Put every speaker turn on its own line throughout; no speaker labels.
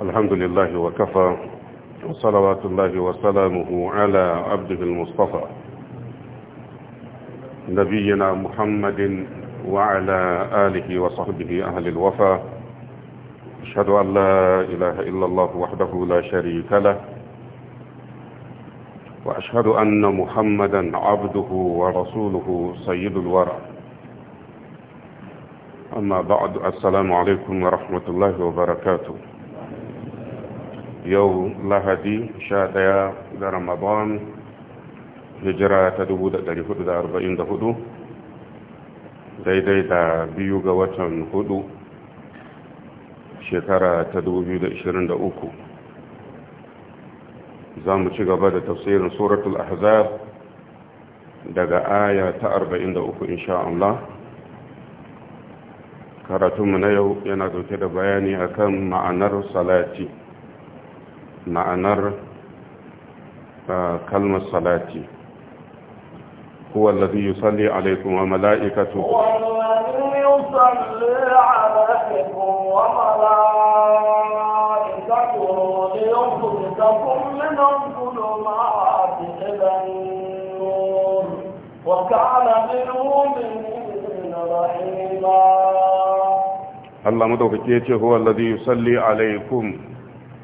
الحمد لله وكفى وصلوات الله وسلامه على عبده المصطفى نبينا محمد وعلى آله وصحبه أهل الوفا أشهد أن لا إله إلا الله وحده لا شريك له وأشهد أن محمدا عبده ورسوله سيد الورى أما بعد السلام عليكم ورحمة الله وبركاته yau lahadi sha 11 ga ramadan hijira ta 1444 daidai da biyu ga watan hudu shekara ta 2023 za mu ci gaba da tafsirin suratul ahzab daga aya ta 43 insha Allah karatunmu na yau yana dauke da bayani akan ma'anar salati ma'anar kalmar salati huwa alladhi yusalli alaykum wa mala'ikatuhu
yusalli alaykum wa mala'ikatuhu liyukhrijakum min adh-dhulumati ila an-nur wa kana bil-mu'minina rahima
Allah madaukake yace alladhi yusalli alaykum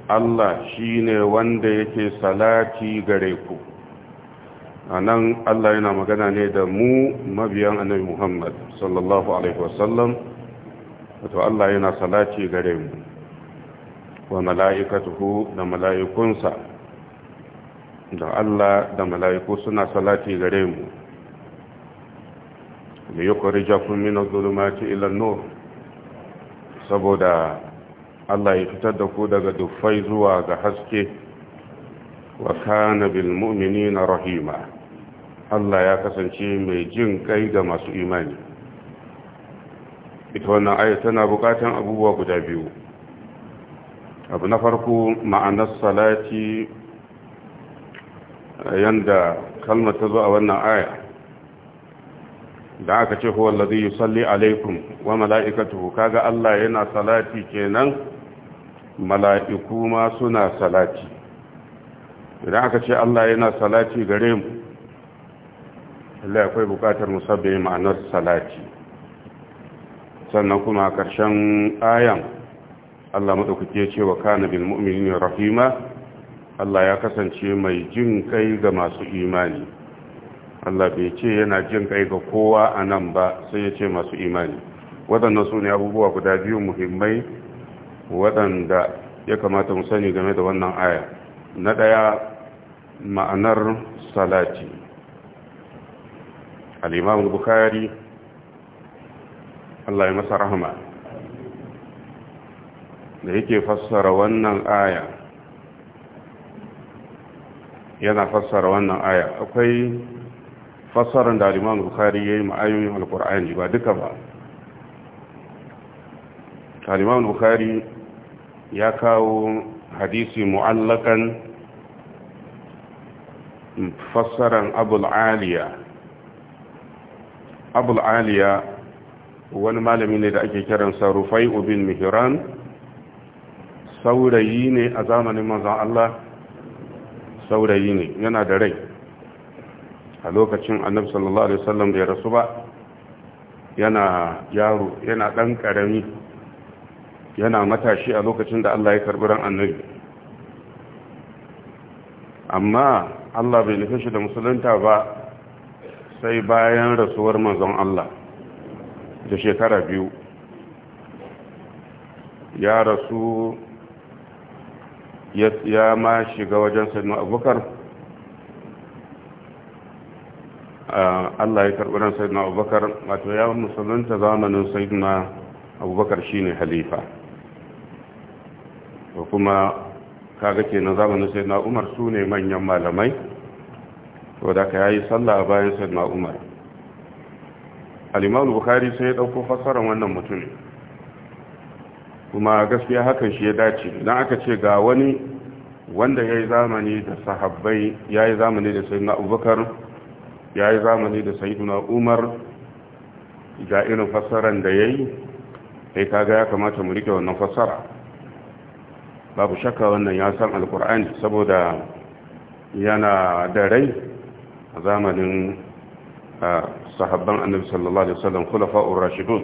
Allah shi ne wanda yake salati gare ku a nan Allah yana magana ne da mu mabiyan annabi Muhammad sallallahu Alaihi wasallam wato Allah yana salati gare mu wa mala'ikatuhu da mala'ikunsa da Allah da mala'iku suna salati gare mu da yi kori jakun mina zulumati ilan nur saboda Allah ya fitar da ku daga dufai zuwa ga haske wa kana bil mu'minina rahima Allah ya kasance mai jin kai ga masu imani ita wannan aya tana bukatan abubuwa guda biyu abu na farko ma'anar salati yanda kalmar ta zo a wannan aya da aka ce huwa allazi yusalli alaikum wa mala'ikatuhu kaga Allah yana salati kenan mala'iku ma suna salati idan aka ce Allah yana salati gare mu Allah akwai bukatar musabbe ma'anar salati sannan kuma ƙarshen ayan Allah maɗaukake ce wa kana bil mu'minin rahima Allah ya kasance mai jin kai ga masu imani Allah bai ce yana jin kai ga kowa a nan ba sai ya ce masu imani waɗannan su ne abubuwa guda biyu muhimmai waɗanda ya kamata mu sani game da wannan aya na ɗaya ma'anar salati al'imam bukari Allah ya masa rahama da yake fassara wannan aya yana fassara wannan aya akwai fassarar da al'imam bukari ya yi ma'ayoyin al'ur'ani ba duka ba al'imam bukari ya kawo hadisi mu'allakan fassaran abul'aliya abul'aliya wani malami ne da ake kiransa rufai ubin mihiran. saurayi ne a zamanin maza Allah saurayi ne yana da rai a lokacin annabi sallallahu alaihi wasallam da ya rasu ba yana yaro yana dan karami yana matashi a lokacin da Allah ya karbi ran annabi amma Allah bai nufin shi da musulunta ba sai bayan rasuwar manzon Allah da shekara biyu ya rasu ya ma shiga wajen sannu abubakar Allah ya karɓi ran sannu abubakar wato ya musulunta zamanin sannu abubakar shine halifa to kuma kaga kenan zamanin sai na umar su ne manyan malamai to da ka yayi sallah bayan sai na umar al-imam bukhari sai ya dauko fasaran wannan mutumin kuma gaskiya hakan shi ya dace idan aka ce ga wani wanda ya yi zamani da sahabbai ya yi zamani da sayyidina abubakar ya yi zamani da sayyidina umar ga irin fasaran da ya yi sai kaga ya kamata mu rike wannan fasara babu shakka wannan ya san alkur'ani saboda yana da rai a zamanin sahabban annabi sallallahu alaihi wasallam khulafa'ur rashidun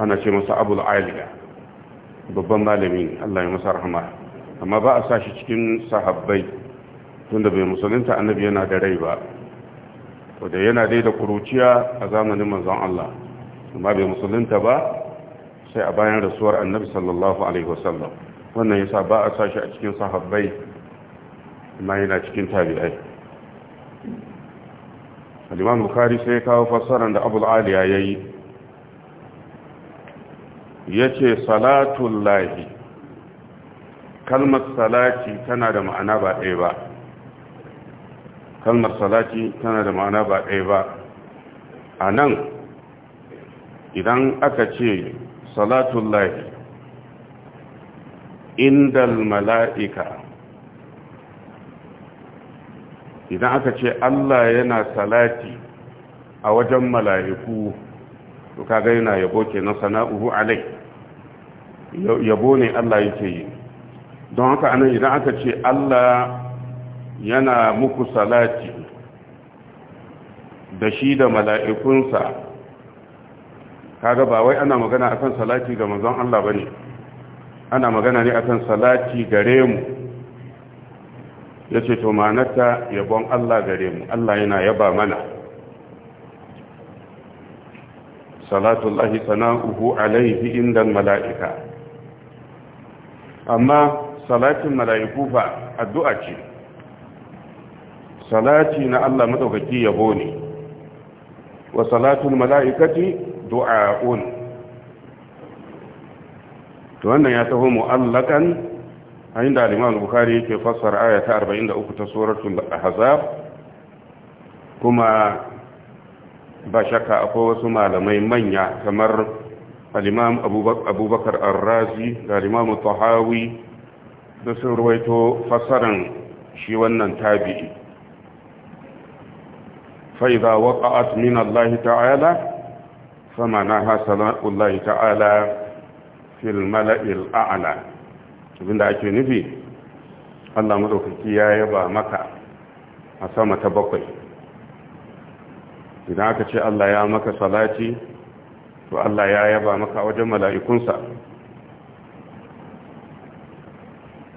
ana ce masa abul aliya babban malami Allah ya masa rahama amma ba a sashi cikin sahabbai tunda bai musulunta annabi yana da rai ba wanda yana dai da kuruciya a zamanin manzon Allah amma bai musulunta ba sai a bayan rasuwar annabi sallallahu alaihi wasallam wannan yasa ba a sashi a cikin sahabbai amma yana cikin tabi'ai al-imam bukhari sai kawo fassarar da abul aliya yayi yace salatul lahi kalmar salati tana da ma'ana ba ɗaya ba kalmar salati tana da ma'ana ba ɗaya ba a nan idan aka ce salatun lahi indal mala'ika idan aka ce Allah yana salati a wajen mala'iku to kaga yana yabo kenan sana'uhu alai yabo ne Allah yake yi don haka anan idan aka ce Allah yana muku salati da shi da mala'ikunsa kaga ba wai ana magana akan salati ga manzon Allah bane ana magana ne akan salati gare mu yace to manata yabon Allah gare mu Allah yana yaba mana salatu Allahi sana'uhu alaihi inda mala'ika amma salatin mala'iku fa addu'a ce salati na Allah madaukaki yabo ne wa salatul mala'ikati du'a'un to wannan ya taho mu'allakan a inda al-imam al-bukhari yake fassara aya ta 43 ta suratul ahzab kuma ba shakka akwai wasu malamai manya kamar al-imam abubakar ar-razi da al-imam tahawi da sun ruwaito fassaran shi wannan tabi'i فإذا وقعت من الله تعالى فمعناها سماء الله تعالى في الملأ الأعلى abin da ake nufi allah maɗaukaki ya yaba maka a sama ta bakwai idan aka ce allah ya maka salati to allah ya yaba maka wajen mala'ikunsa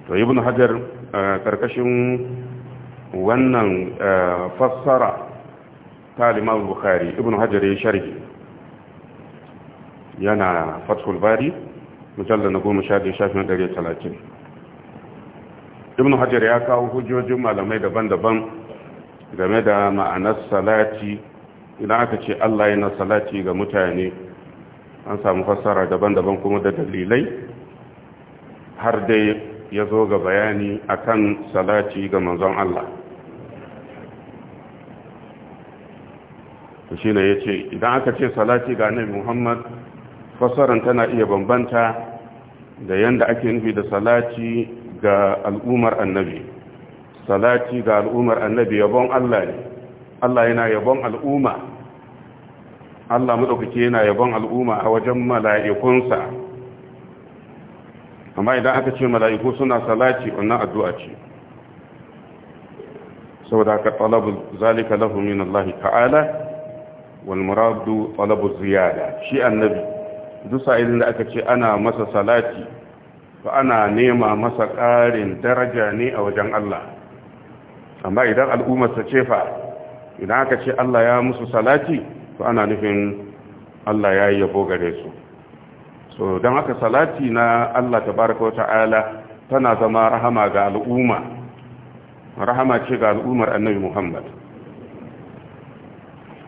to ibn hajar ƙarƙashin wannan fassara ta limar ibn ya sharhi yana fatul bari mujalla na goma sha biyu shafin ɗari talatin ibn hajar ya kawo hujjojin malamai daban-daban game da ma'anar salati idan aka ce allah yana salati ga mutane an samu fassara daban-daban kuma da dalilai har dai ya zo ga bayani akan salati ga manzon allah shi ne ya ce idan aka ce salati ga annabi muhammad fasaran tana iya bambanta da yanda ake nufi da salati ga al'ummar annabi salati ga al'ummar annabi yabon Allah ne Allah yana yabon al'umma Allah madaukake yana yabon al'umma a wajen mala'ikunsa amma idan aka ce mala'iku suna salati wannan addu'a ce saboda haka talabu zalika lahu min Allah ta'ala wal muradu talabu ziyada shi annabi Dusa idan da aka ce ana masa salati to ana nema masa ƙarin daraja ne a wajen Allah amma idan al'ummarsa ce fa idan aka ce Allah ya musu salati to ana nufin Allah ya yi yabo gare su so don haka salati na Allah tabaraka wa ta'ala tana zama rahama ga al'umma rahama ce ga al'ummar annabi Muhammad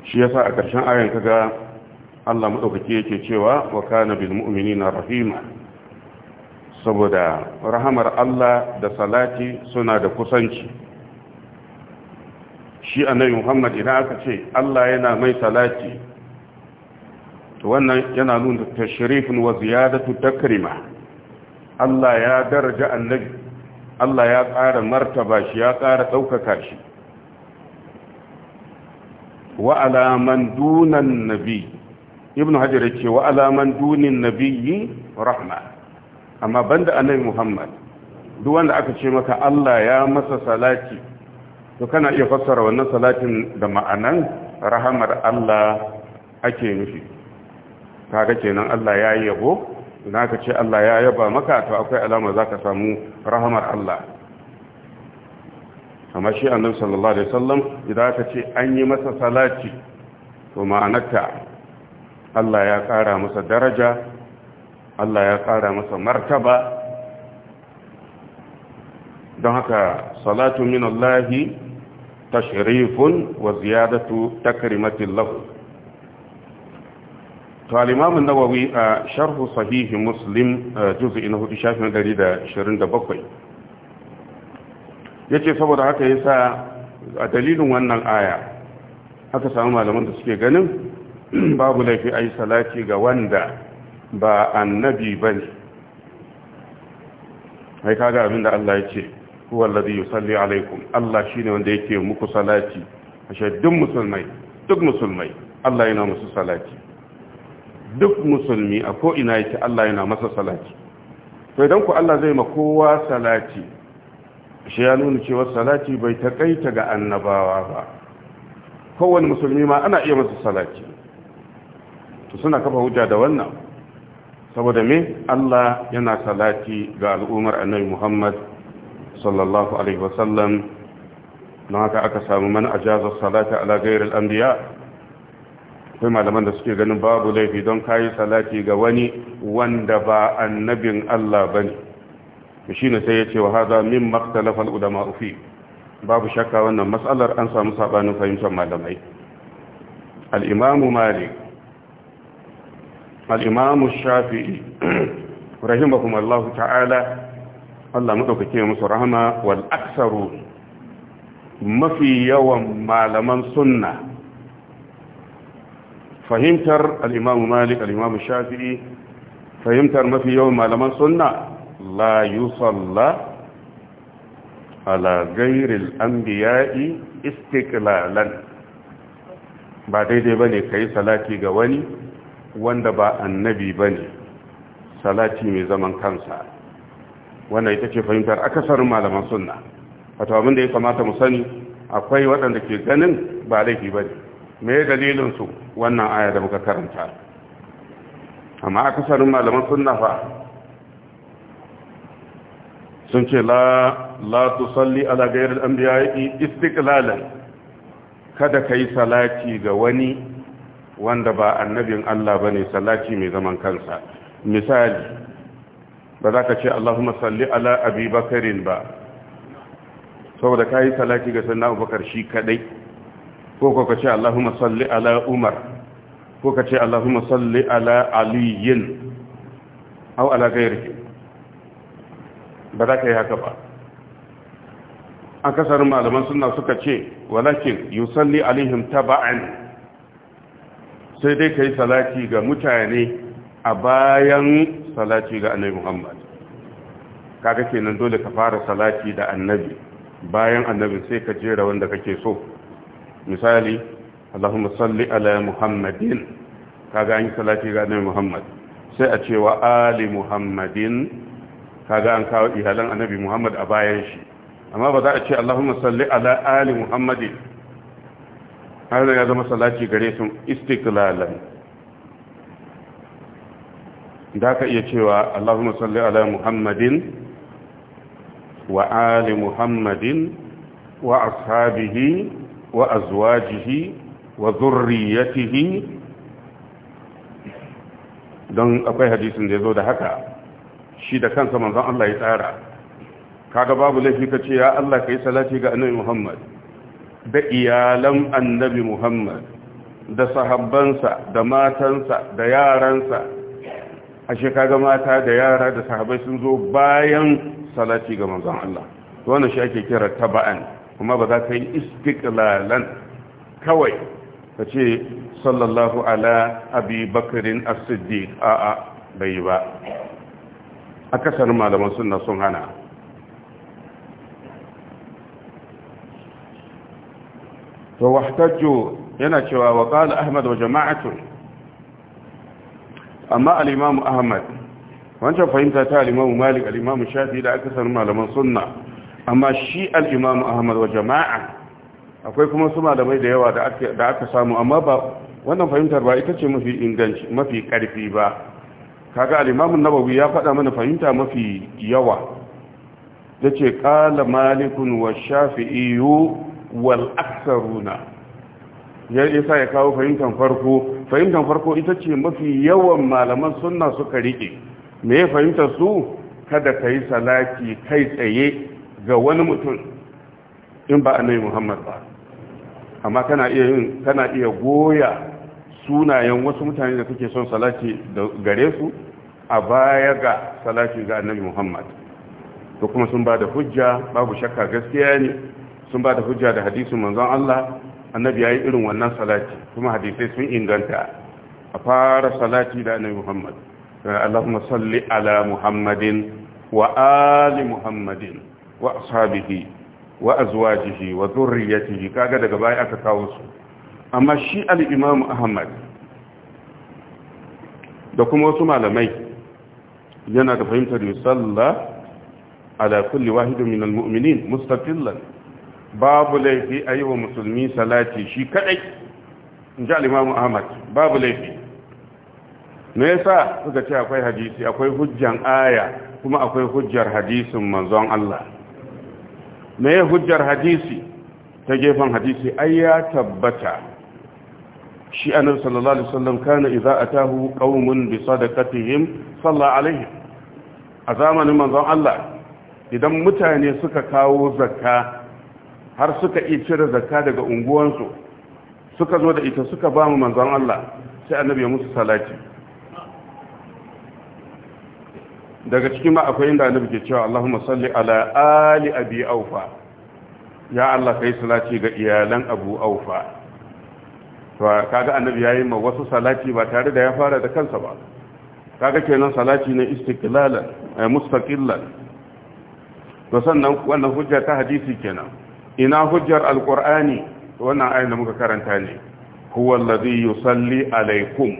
shi yasa a ƙarshen ayan ga. Allah maɗaukaki yake cewa wa kana bil rahima saboda rahamar Allah da salati suna da kusanci shi annabi Muhammad idan aka ce Allah yana mai salati to wannan yana nuna tashrifin wa ziyadatu takrima Allah ya daraja annabi Allah ya ƙara martaba shi ya ƙara ɗaukaka shi wa alaman dunan nabi ibn hajar yake wa alaman dunin nabiyyi rahma amma banda annabi muhammad duk wanda aka ce maka Allah ya masa salati to kana iya fassara wannan salatin da ma'anan rahamar Allah ake nufi kaga kenan Allah ya yabo idan aka ce Allah ya yaba maka to akwai alama za ka samu rahamar Allah amma shi annabi sallallahu alaihi wasallam idan aka ce an yi masa salati to ma'anarta Allah ya ƙara masa daraja Allah ya ƙara masa martaba don haka salatu min Allahi tashrifun wa ziyadatu takrimatin lahu to nawawi a sharhu sahihi muslim juz'i na 4 shafin 127 yace saboda haka yasa a dalilin wannan aya aka samu malaman da suke ganin babu laifi a yi salati ga wanda ba annabi ba ne mai kaga abinda Allah ya ce huwallazi yusalli alaikum Allah shine wanda yake muku salati ashe duk musulmai duk musulmai Allah yana musu salati duk musulmi a ko ina yake Allah yana masa salati to idan ku Allah zai ma kowa salati shi ya nuna cewa salati bai kaita ga annabawa ba kowane musulmi ma ana iya masa salati to suna kafa hujja da wannan saboda me Allah yana salati ga al'ummar annabi Muhammad sallallahu alaihi wasallam na haka aka samu man ajaza salata ala ghairil anbiya akwai malaman da suke ganin babu laifi don kayi salati ga wani wanda ba annabin Allah bane shine sai ya ce wa hada min maktalafa al-ulama fi babu shakka wannan matsalar an samu sabanin fahimtar malamai al-imamu malik al'imamu shafi'i rahimahum Allah ta'ala Allah maɗaukake musu rahama wal aksaru mafi yawan malaman sunna fahimtar al'imamu malik al'imamu shafi'i fahimtar mafi yawan malaman sunna la yusalla ala gairil biya'i, istiklalan ba daidai ba ne ka yi salati ga wani wanda ba annabi ba ne salati mai zaman kansa wanda ita ce fahimtar akasarin malaman suna wato abin da ya kamata mu sani akwai waɗanda ke ganin ba laifi ba ne mai dalilinsu wannan aya da muka karanta amma akasarin malaman suna fa sun ce la salli ala gairar anbiya istiklalan kada ka yi salati ga wani wanda ba annabin Allah ba ne salati mai zaman kansa misali ba za ka ce Allahumma salli ala abi bakarin ba saboda ka yi salati ga sannan abubakar shi kadai ko ko ka ce Allahumma salli ala umar ko ka ce Allahumma salli ala aliyin au ala gairki ba za ka yi haka ba akasarin malaman suna suka ce walakin yusalli alaihim taba'an sai dai ka yi salati ga mutane a bayan salati ga annabi muhammad kaga kenan dole ka fara salati da annabi bayan annabi sai ka jera wanda kake so misali allahumma salli ala muhammadin kaga an yi salati ga annabi muhammad sai a cewa ali muhammadin kaga an kawo iyalan annabi muhammad a bayan shi amma ba za a ce allahumma salli ala ali muhammadin har da ya zama salati gare su istiklalan da ka iya cewa Allahumma salli ala Muhammadin wa ali Muhammadin wa ashabihi wa azwajihi wa zurriyatihi don akwai hadisin da ya zo da haka shi da kansa manzon Allah ya tsara kaga babu laifi ka ce ya Allah yi salati ga annabi Muhammad da iyalan annabi Muhammad da sahabbansa da matansa da yaransa a shekaga mata da yara da sahabai sun zo bayan salati ga manzon Allah wannan shi ake kira taba'an kuma ba za ka yi istiklalan kawai ka ce sallallahu ala abi bakarin as-siddiq a'a bai ba A kasar malaman sunna sun hana to wahtajju yana cewa wa qala ahmad wa jama'atu amma al ahmad wancan fahimta ta al-imam malik al-imam shafi da aka san malaman sunna amma shi al ahmad wa jama'a akwai kuma su malamai da yawa da aka samu amma ba wannan fahimtar ba ita ce mafi inganci mafi karfi ba kaga al-imam ya faɗa mana fahimta mafi yawa yace kala malikun wa wal aksaruna ya isa ya kawo fahimtar farko fahimtar farko ita ce mafi yawan malaman sunna suka rike me ya fahimtar su kada ka yi salati kai tsaye ga wani mutum in ba annabi muhammad ba amma kana iya yin kana iya goya sunayen wasu mutane da kake son salati gare su a baya ga salati ga annabi muhammad to kuma sun ba da hujja babu shakka gaskiya ne sun ba da hujja da hadisin manzon Allah annabi yayi irin wannan salati kuma hadisai sun inganta a fara salati da annabi Muhammad Allahumma salli ala Muhammadin wa ali Muhammadin wa ashabihi wa azwajihi wa dhurriyyatihi kaga daga baya aka kawo su amma shi al-Imam Ahmad da kuma wasu malamai yana da fahimtar yusalla ala kulli wahidin minal mu'minin mustaqillan babu laifi a yi wa musulmi salati shi kadai in ji alimamu ahmad babu laifi me yasa suka ce akwai hadisi akwai hujjan aya kuma akwai hujjar hadisin manzon Allah me hujjar hadisi ta gefen hadisi ai ya tabbata shi annabi sallallahu alaihi wasallam kana idza atahu qaumun bi sadaqatihim salla alaihi a zamanin manzon Allah idan mutane suka kawo zakka har suka iya cire zakka daga unguwansu suka zo da ita suka ba mu manzon Allah sai annabi ya musu salati daga cikin ma akwai inda annabi ke cewa Allahumma salli ala ali abi aufa ya Allah kai salati ga iyalan abu aufa to kaga annabi yayi ma wasu salati ba tare da ya fara da kansa ba kaga kenan salati ne istiqlalan eh, mustaqillan to sannan wannan hujja ta hadisi kenan ina hujjar alqur'ani wannan ayin da muka karanta ne huwa allazi yusalli alaikum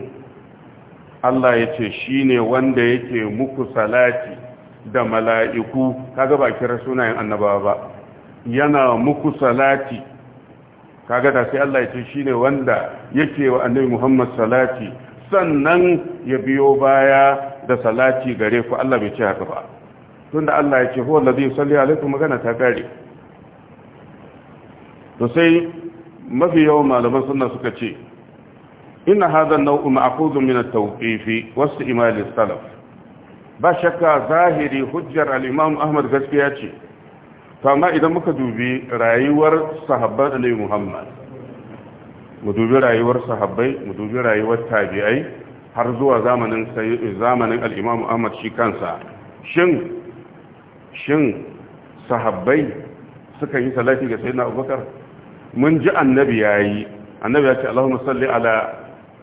Allah yace shine wanda yake muku salati da mala'iku kaga ba kira sunayen annabawa ba yana muku salati kaga da sai Allah yace shine wanda yake wa annabi Muhammad salati sannan ya biyo baya da salati gare ku Allah bai ce haka ba tunda Allah yace huwa allazi yusalli alaikum magana ta kare to sai mafi yawan malaman sunna suka ce Ina hadha an-naw'u ma'khudhun min at-tawqif salaf ba shakka zahiri hujjar Al'imam ahmad gaskiya ce to amma idan muka dubi rayuwar sahabban annabi muhammad mu dubi rayuwar sahabbai mu dubi rayuwar tabi'ai har zuwa zamanin zamanin ahmad shi kansa shin shin sahabbai suka yi salafi ga sayyidina abubakar mun ji annabi yayi annabi ya ce Allahumma salli ala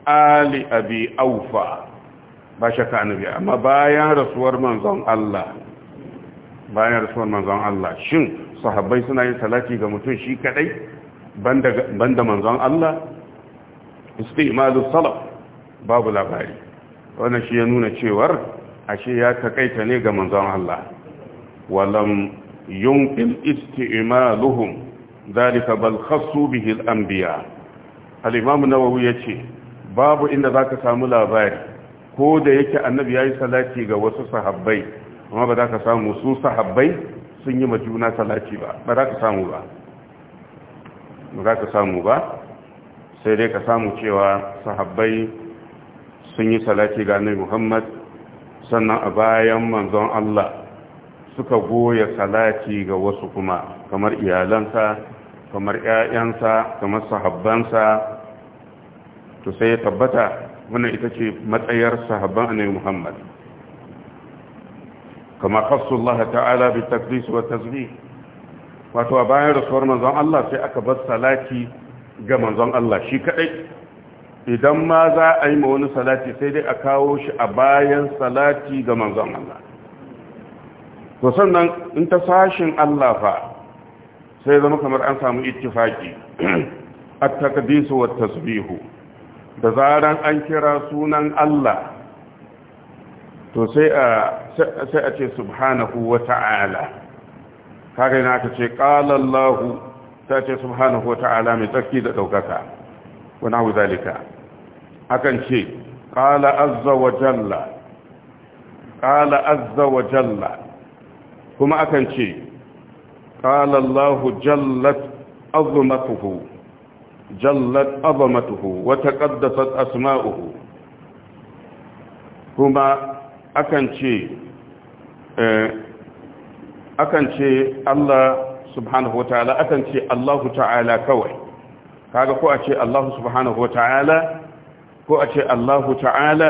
ali abi aufa ba shakka annabi amma bayan rasuwar manzon Allah bayan rasuwar manzon Allah shin sahabbai suna yin salati ga mutum shi kadai banda banda manzon Allah istimalu salaf babu labari wannan shi ya nuna cewar ashe ya takaita ne ga manzon Allah walam yunqil istimaluhum zalika bal khassu bihi al-anbiya al-imam nawawi yace babu inda zaka samu labari ko da yake annabi yayi salaci ga wasu sahabbai amma ba ka samu su sahabbai sun yi majuna salati ba ba samu ba ba ka samu ba sai dai ka samu cewa sahabbai sun yi salaci ga annabi Muhammad sannan a bayan manzon Allah suka goya salaci ga wasu kuma kamar iyalansa kamar ‘ya'yansa kamar sahabbansa to sai ya tabbata wannan ita ce matsayar sahabban annabi muhammad kama Hassullaha ta'ala bi takdis wa tasbih wato a bayan rasuwar manzon Allah sai aka bar salati ga manzon Allah shi kaɗai. idan ma za a yi ma wani salati sai dai a kawo shi a bayan salati ga manzon Allah to sannan in ta sashin Allah fa sai zama kamar an samu ittifaki at-taqdisu wat tasbihu da zaran an kira sunan Allah to sai a sai a ce subhanahu wa ta'ala kaga ina aka ce qala Allah sai ce subhanahu wa ta'ala mai tsarki da daukaka wa nahu zalika akan ce qala azza wa jalla qala azza wa jalla kuma akan ce قال الله جلت عظمته جلت عظمته وتقدست أسماؤه كما أكنشي أكنشي الله سبحانه وتعالى أكنشي الله تعالى كوي kaga ko a ce Allah subhanahu wa ta'ala ko a ce Allah ta'ala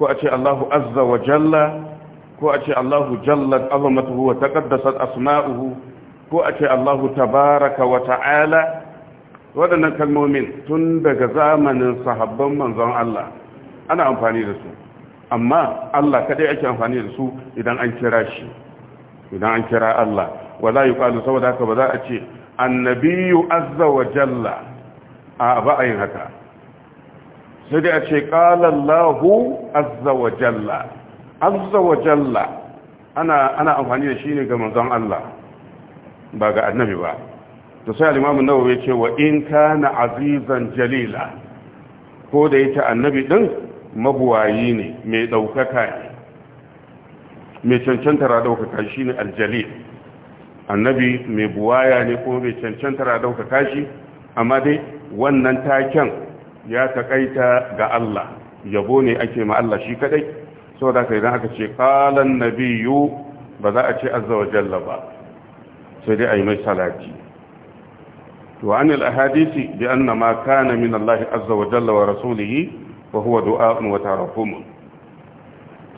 ko a ce Allah azza wa jalla ko a ce Allah jallat asma'uhu ko a ce Allahu tabaraka wa ta'ala waɗannan kalmomin tun daga zamanin sahabban manzon Allah ana amfani da su amma Allah kadai ake amfani da su idan an kira shi idan an kira Allah wala yuqalu saboda haka ba za a ce annabiyyu azza wa jalla a ba yin haka sai dai a ce qala Allahu azza wa jalla azza wa jalla ana ana amfani da shi ne ga manzon Allah ba ga annabi ba to sai al-imamu nawawi ce wa in kana azizan jalila ko da yake annabi din mabuwayi ne mai daukaka ne mai cancanta ra daukaka shine al-jalil annabi mai buwaya ne ko mai cancanta ra daukaka shi amma dai wannan taken ya takaita ga Allah yabo ne ake ma Allah shi kadai saboda kai idan aka ce qalan nabiyyu ba za a ce azza ba sai dai a yi mai salati وعن min بأن azza wa jalla wa عز wa huwa Du'a, wa وترحم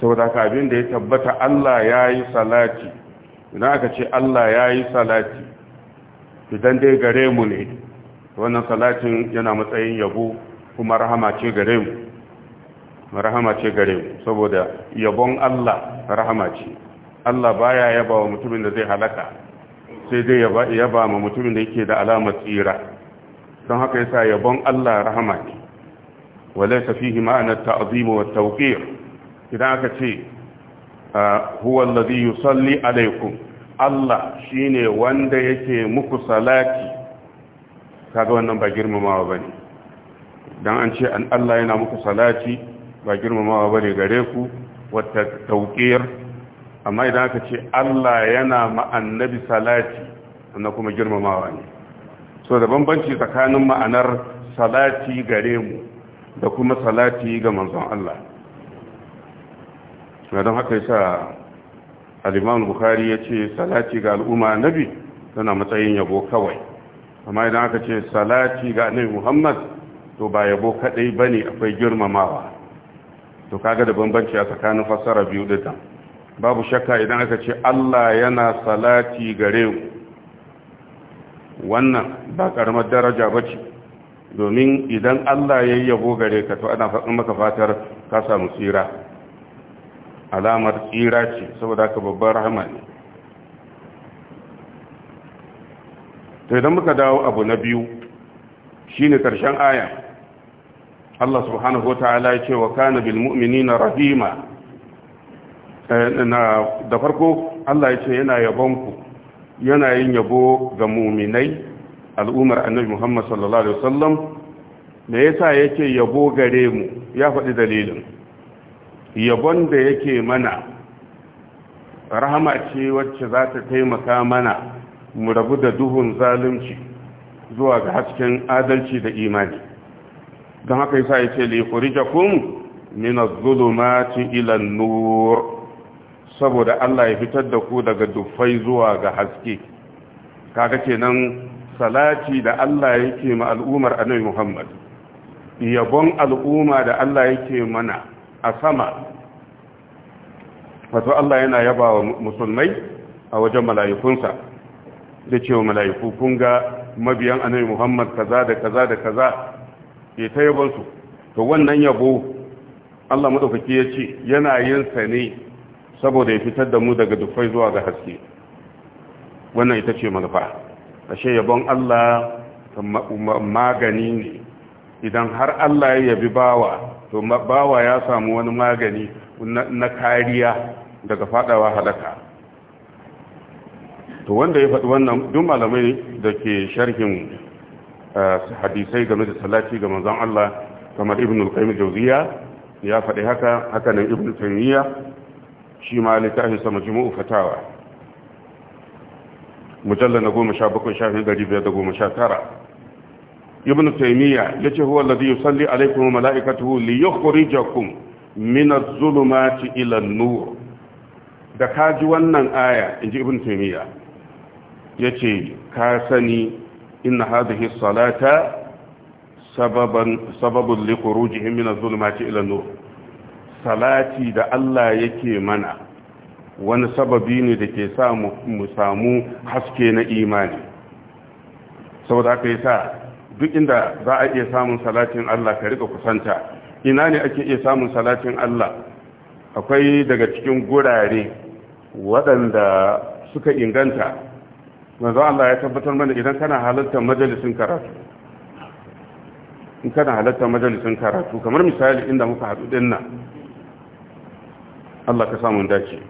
saboda ka abin da ya tabbata Allah ya yi salati idan aka ce Allah ya yi salati idan dai gare mu ne wannan salatin yana matsayin yabo kuma rahama ce gare mu rahama ce gare mu saboda yabon Allah rahama ce Allah baya yaba wa mutumin da zai halaka sai dai ya ba ma mutumin da yake da alamar tsira don haka yasa yabon Allah rahama ne walaysa fihi ma'anar ta'zim wa tawqir idan aka ce ah, huwa alladhi yusalli alaykum Allah shine wanda yake muku salati kaga wannan ba girmamawa bane dan an ce an Allah yana muku salati ba girmamawa bane gare ku wa tawqir amma idan aka ce Allah yana ma'annabi salati na kuma girmamawa ne so da bambanci tsakanin ma'anar salati gare mu da kuma salati ga manzon Allah don haka yasa al-Imam Bukhari yace salati ga al'umma nabi tana matsayin yabo kawai amma idan aka ce salati ga annabi Muhammad to ba yabo kadai bane akwai girmamawa to kaga da bambanci a tsakanin fassara biyu da din babu shakka idan aka ce Allah yana salati gare ku. wannan ba karamar daraja ba ce domin idan Allah ya yabo gare ka to ana faɗin maka fatar ka samu tsira alamar tsira ce saboda ka babbar rahama ne to idan muka dawo abu na biyu shine karshen aya Allah subhanahu wa ta'ala ya ce wa kana bil mu'minina rahima Eh, da farko Allah ya ce yana yabonku yana yin yabo ga muminai al'umar annabi Muhammad sallallahu alaihi wasallam me yasa yake yabo gare mu ya faɗi dalilin yabon da yake mana rahama ce wacce za ta taimaka mana mu rabu da duhun zalunci zuwa ga hasken adalci da imani don haka yasa yake li khurijakum min adh-dhulumati ila an-nur saboda Allah ya fitar da ku daga dufai zuwa ga haske kaga kenan salati da Allah yake ma al'umar annabi Muhammad yabon al'umma da Allah yake mana a sama wato Allah yana yaba wa musulmai a wajen mala'ikunsa da cewa mala'iku kun ga mabiyan annabi Muhammad kaza da kaza da kaza ya ta yabon su to wannan yabo Allah madaukaki ya ce yana yin sa ne saboda ya fitar da mu daga dufai zuwa ga haske wannan ita ce manufa ashe yabon Allah magani ne idan har Allah ya yabi bawa to bawa ya samu wani magani na kariya daga fadawa halaka to wanda ya faɗi wannan duk malamai da ke sharhin eh, hadisai game da salati ga manzon Allah kamar ibn al-qayyim jawziya ya faɗi haka haka nan ibn taymiya shi ma littafin sa majmu'u fatawa mujallal na goma sha tara. ibn taymiya yace huwa alladhi yusalli alaykum malaikatuhu liyukhrijakum min az-zulumati ila an-nur da kaji wannan aya inji ibn taymiya yace ka sani inna hadhihi as-salata sababan sababun likhurujihim min az-zulumati ila an-nur salati da Allah yake mana wani sababi ne da ke sa mu samu haske na imani saboda haka yasa duk inda za a iya samun salatin Allah ka rika kusanta ina ne ake iya samun salatin Allah akwai daga cikin gurare waɗanda suka inganta manzo Allah ya tabbatar mana idan kana halarta majalisin karatu in kana halarta majalisin karatu kamar misali inda muka haɗu ɗin Allah ka samu dace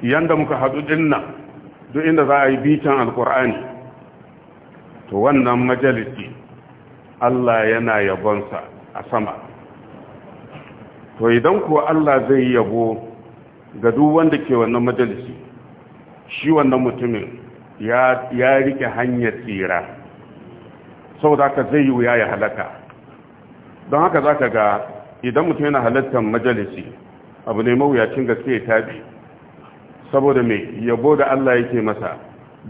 yanda muka haɗu dinna duk inda za a yi bitan alkur'ani to wannan majalisi Allah yana yabonsa a sama to idan kuwa Allah zai yabo ga duk wanda ke wannan majalisi shi wannan mutumin ya rike hanyar tsira sau da ka zai yi wuya ya halaka don haka za ka ga idan mutum yana halittar majalisi abu ne mawuyacin gaske ya tabi saboda mai yabo da Allah yake masa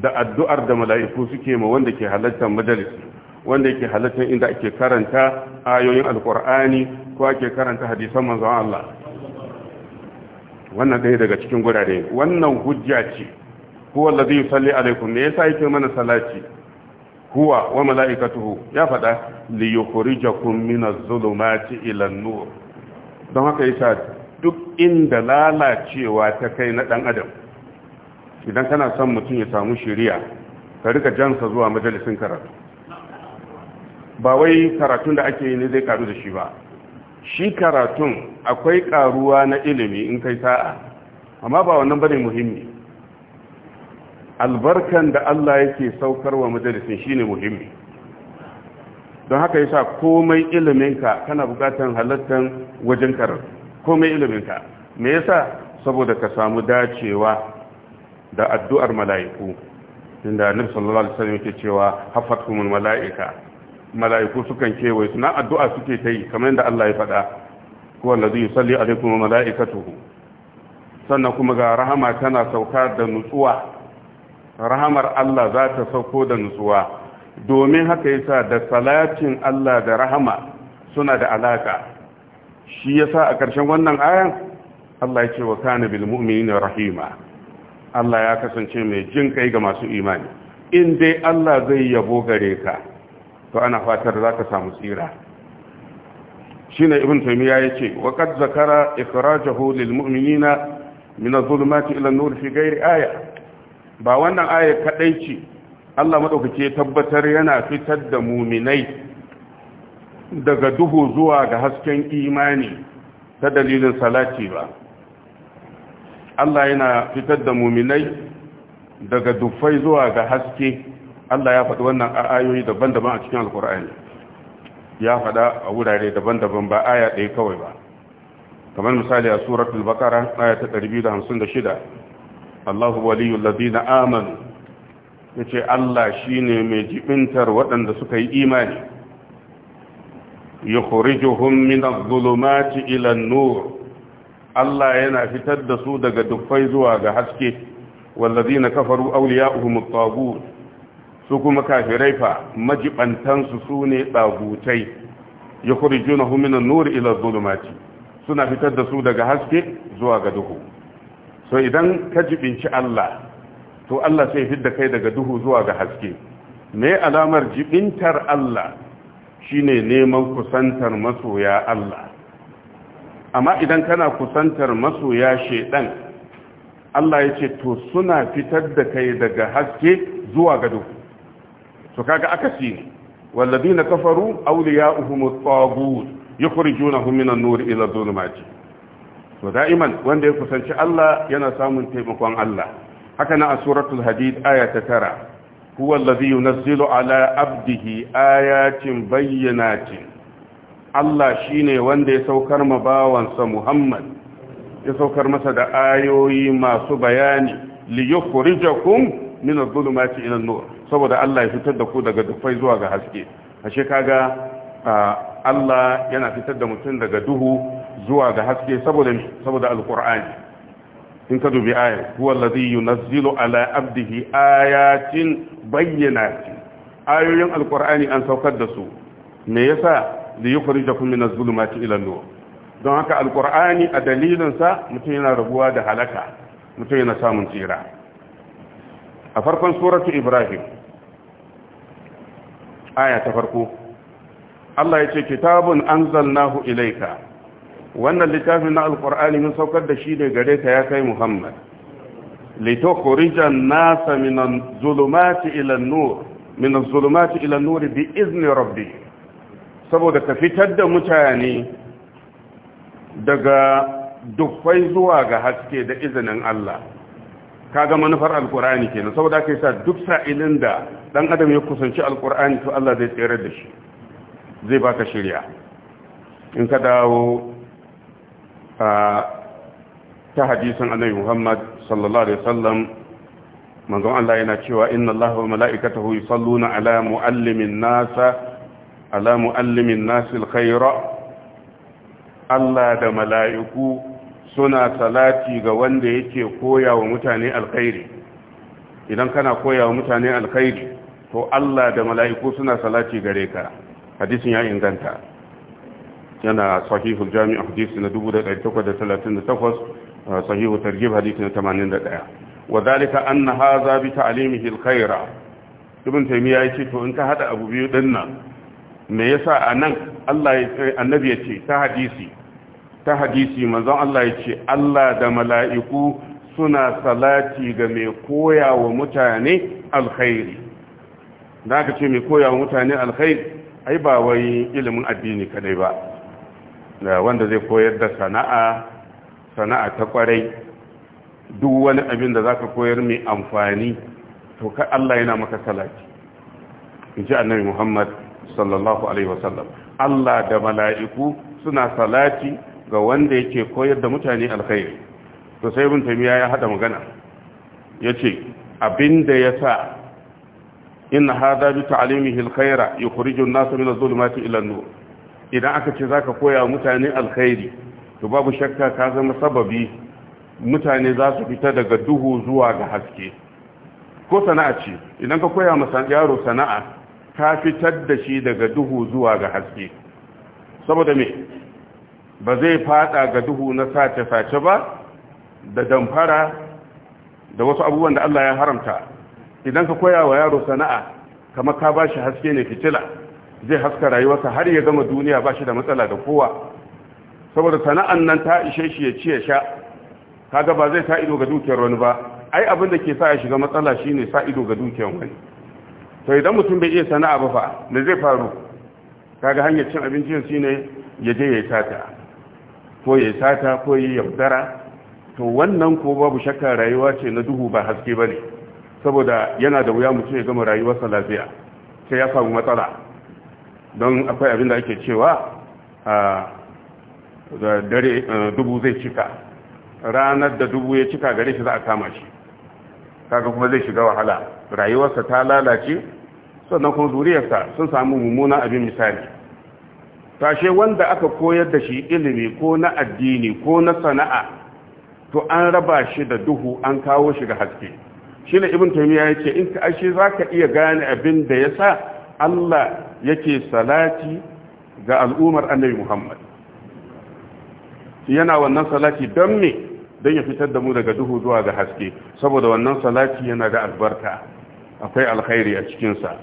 da addu'ar da mala'iku suke ma wanda ke halatta majalisi wanda yake halatta inda ake karanta ayoyin alkur'ani ko ake karanta hadisan manzon Allah wannan ɗaya daga cikin gudare wannan hujja ce yi salli alaikun alaikum me yasa yake mana salaci? Kuwa wa mala'ikatuhu ya faɗa li jakun min adh ilan nur don haka yasa duk inda lalacewa ta kai na ɗan adam idan kana son mutum ya samu shiriya ka rika jansa zuwa majalisin karatu ba wai karatun da ake yi ne zai karu da shi ba shi karatun akwai karuwa na ilimi in kai sa'a amma ba wannan bane muhimmi albarkan da Allah yake saukar saukarwa majalisin shine muhimmi don haka yasa komai iliminka kana bukatan halattan wajen karatu komai iliminka me yasa saboda ka samu dacewa da addu'ar mala'iku inda annabi sallallahu alaihi wasallam yake cewa hafathumul mala'ika mala'iku sukan kewaye suna addu'a suke ta yi kamar yadda Allah ya faɗa ko lazi yi salli wa mala'ikatuhu sannan kuma ga rahama tana sauka da nutsuwa rahamar Allah za ta sauko da nutsuwa domin haka yasa da salatin Allah da rahama suna da alaka shi yasa a ƙarshen wannan ayan Allah ya ce wa kana bil mu'minina rahima Allah ya kasance mai jin kai ga masu imani in dai Allah zai yabo gare ka to ana fatar zaka samu tsira shine ibn ya ce wa qad zakara ikhrajahu lil mu'minina min adh-dhulumati ila nur fi aya ba wannan aya kadai ce Allah madaukake tabbatar yana fitar da muminai daga duhu zuwa ga hasken imani ta dalilin salati ba Allah yana fitar da muminai daga dufai zuwa ga haske Allah ya faɗi wannan ayoyi daban-daban a cikin alkur'ani ya faɗa a wurare daban-daban ba aya ɗaya kawai ba kamar misali a suratul bakara aya ta 256 Allahu waliyul ladina amanu yace Allah shine mai jibintar waɗanda suka yi imani yukhrijuhum min adh ila nur Allah yana fitar da su daga dufai zuwa ga haske wallazina kafaru awliya'uhum at-taghut su kuma kafirai fa majibantan su sune dagutai yukhrijunahum min an-nur ila adh suna fitar da su daga haske zuwa ga duhu so idan ka jibinci Allah to Allah sai fitar da kai daga duhu zuwa ga haske me alamar jibintar Allah shine neman kusantar masoya Allah amma idan kana kusantar masoya shedan Allah ya ce to suna fitar da kai daga haske zuwa ga duhu to kaga akasi ne walladina kafaru awliya'uhumut taghut yukhrijunahum minan nur ila dhulumati to da'iman wanda ya kusanci Allah yana samun taimakon Allah haka na a suratul hadid aya ta tara huwa allazi yunazzilu ala abdihi ayatin bayyinatin Allah shine wanda ya saukar ma bawansa Muhammad ya saukar masa da ayoyi masu bayani li yukhrijakum min adh-dhulumati ila saboda Allah ya fitar da ku daga dufai zuwa ga haske ashe kaga Allah yana fitar da mutum daga duhu zuwa ga haske saboda saboda alqur'ani in ka dubi aya huwa allazi yunazzilu ala abdihi ayatin bayyinatin ayoyin alqur'ani an saukar da su me yasa li yukhrijakum min az-zulumati ila an-nur don haka alqur'ani a dalilin sa mutum yana rabuwa da halaka mutum yana samun tsira a farkon suratu ibrahim aya ta farko Allah ya ce kitabun anzalnahu ilayka wannan littafin na alkur'ani mun saukar da shi ne gare ta ya kai muhammad Lito korijan nasa minan zulumati ila nur minan zulumati ila nur bi izni rabbi saboda ka fitar da mutane daga dukkai zuwa ga haske da izinin Allah kaga manufar alkur'ani kenan saboda yi sa duk sa'ilin da dan adam ya kusanci alkur'ani to Allah zai tsere da shi zai baka shirya in ka dawo ta hadisin annabi Muhammad sallallahu alaihi wasallam manzon Allah yana cewa inna Allaha wa mala'ikatahu yusalluna ala muallimin nasa ala muallimin nasi alkhaira Allah da mala'iku suna salati ga wanda yake koya wa mutane alkhairi idan kana koya wa mutane alkhairi to Allah da mala'iku suna salati gare ka hadisin ya inganta yana sahihul Jami'a hadisi na 1838 sahihu tarjib hadisi na 81 wa dalika anna hadha bi ta'limihi alkhaira ibn taymiya yace to in ka hada abu biyu dinnan me yasa anan Allah ya annabi yace ta hadisi ta hadisi manzon Allah yace Allah da mala'iku suna salati ga mai koya wa mutane alkhairi da aka ce mai koya wa mutane alkhairi ai ba wai ilimin addini kadai ba Eh, wanda zai koyar da sana'a sana'a ta kwarai duk wani abin da za ka koyar mai amfani to ka Allah yana maka salaki in ji annabi Muhammad sallallahu alaihi wasallam Allah da mala'iku suna salati ga wanda yake koyar da mutane alkhairi to sai ibn tamiya ya hada magana yace abinda sa in hada bi ta'limihi alkhaira yukhriju an-nasa min adh-dhulumati ila an-nur idan aka ce za ka koya mutane alkhairi to babu shakka ka zama sababi mutane za su fita daga duhu zuwa ga haske ko sana'a ce idan ka koya masa yaro sana'a ka fitar da shi daga duhu zuwa ga haske saboda me ba zai fada ga duhu na sace-sace ba da damfara da wasu abubuwan da Allah ya haramta idan ka koya wa yaro sana'a kamar ka ba shi haske ne fitila zai haska rayuwarsa har ya gama duniya ba shi da matsala da kowa saboda sana'an nan ta ishe shi ya ci ya sha kaga ba zai sa ido ga dukiyar wani ba ai abin da ke sa ya shiga matsala shine sa ido ga dukiyar wani to idan mutum bai iya sana'a ba fa me zai faru kaga hanyar cin abinci shine ya je ya yi sata ko ya yi sata ko ya yi yaudara to wannan ko babu shakka rayuwa ce na duhu ba haske ba ne saboda yana da wuya mutum ya gama rayuwarsa lafiya sai ya samu matsala don akwai abin da ake cewa da dare dubu zai cika ranar da dubu ya cika gare shi za a kama shi kaga kuma zai shiga wahala rayuwarsa ta lalace sannan kuma zuriyarsa sun samu mummuna abin misali tashe wanda aka koyar da shi ilimi ko na addini ko na sana'a to an raba shi da duhu an kawo shi ga haske shi ne ibn ya ce in ka ashe za ka iya gane abin da ya sa Allah yake salati ga al'ummar annabi Muhammad yana wannan salati don me don ya fitar da mu daga duhu zuwa ga haske saboda wannan salati yana da albarka akwai alkhairi a cikinsa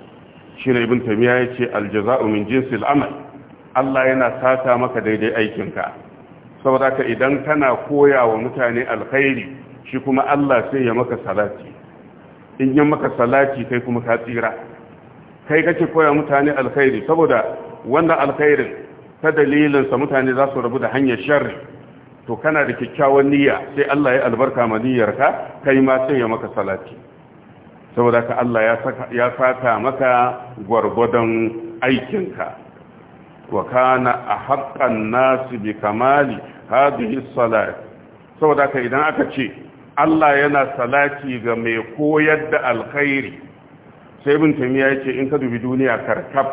shi ne ibn tamiya ya ce aljaza'u min jinsi al'amal Allah yana sata maka daidai aikinka saboda ka idan kana koya wa mutane alkhairi shi kuma Allah sai ya maka salati in yi maka salati kai kuma ka tsira kai kake koya mutane alkhairi saboda wannan alkhairin ta dalilinsa mutane za su rabu da hanyar sharri to kana da kyakkyawan niyya sai Allah ya albarka ma niyyarka kai ma sai ya maka salati saboda ka Allah ya saka maka gwargwadon aikinka wa kana ahaqqan nasu bi kamali hadhihi salat saboda ka idan aka ce Allah yana salati ga mai koyar da alkhairi sai tamiya ya ce in ka dubi duniya karkab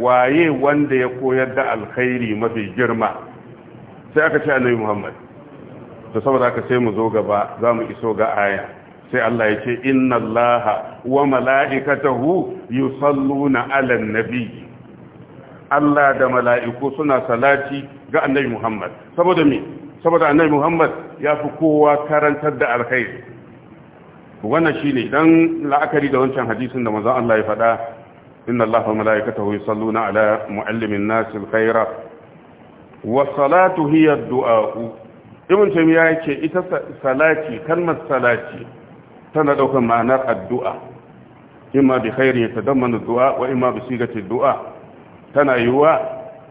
waye wanda ya koyar da alkhairi mafi girma sai aka ce annabi muhammad to saboda haka sai mu zo gaba za mu iso ga aya sai Allah ya ce inna allaha wa mala'ikatahu yusalluna 'alan nabi Allah da mala'iku suna salati ga annabi muhammad saboda me saboda annabi muhammad ya fi kowa karantar da alkhairi wannan shine dan la'akari da wancan hadisin da mazan Allah ya faɗa inna Allah wa mala'ikatahu yusalluna ala muallimin nas alkhaira wa salatu hiya ad-du'a ibn taymiya yake ita salati kalmar salati tana daukar ma'anar addu'a imma bi khairi yatadammanu ad-du'a wa imma bi sigati ad-du'a tana yiwuwa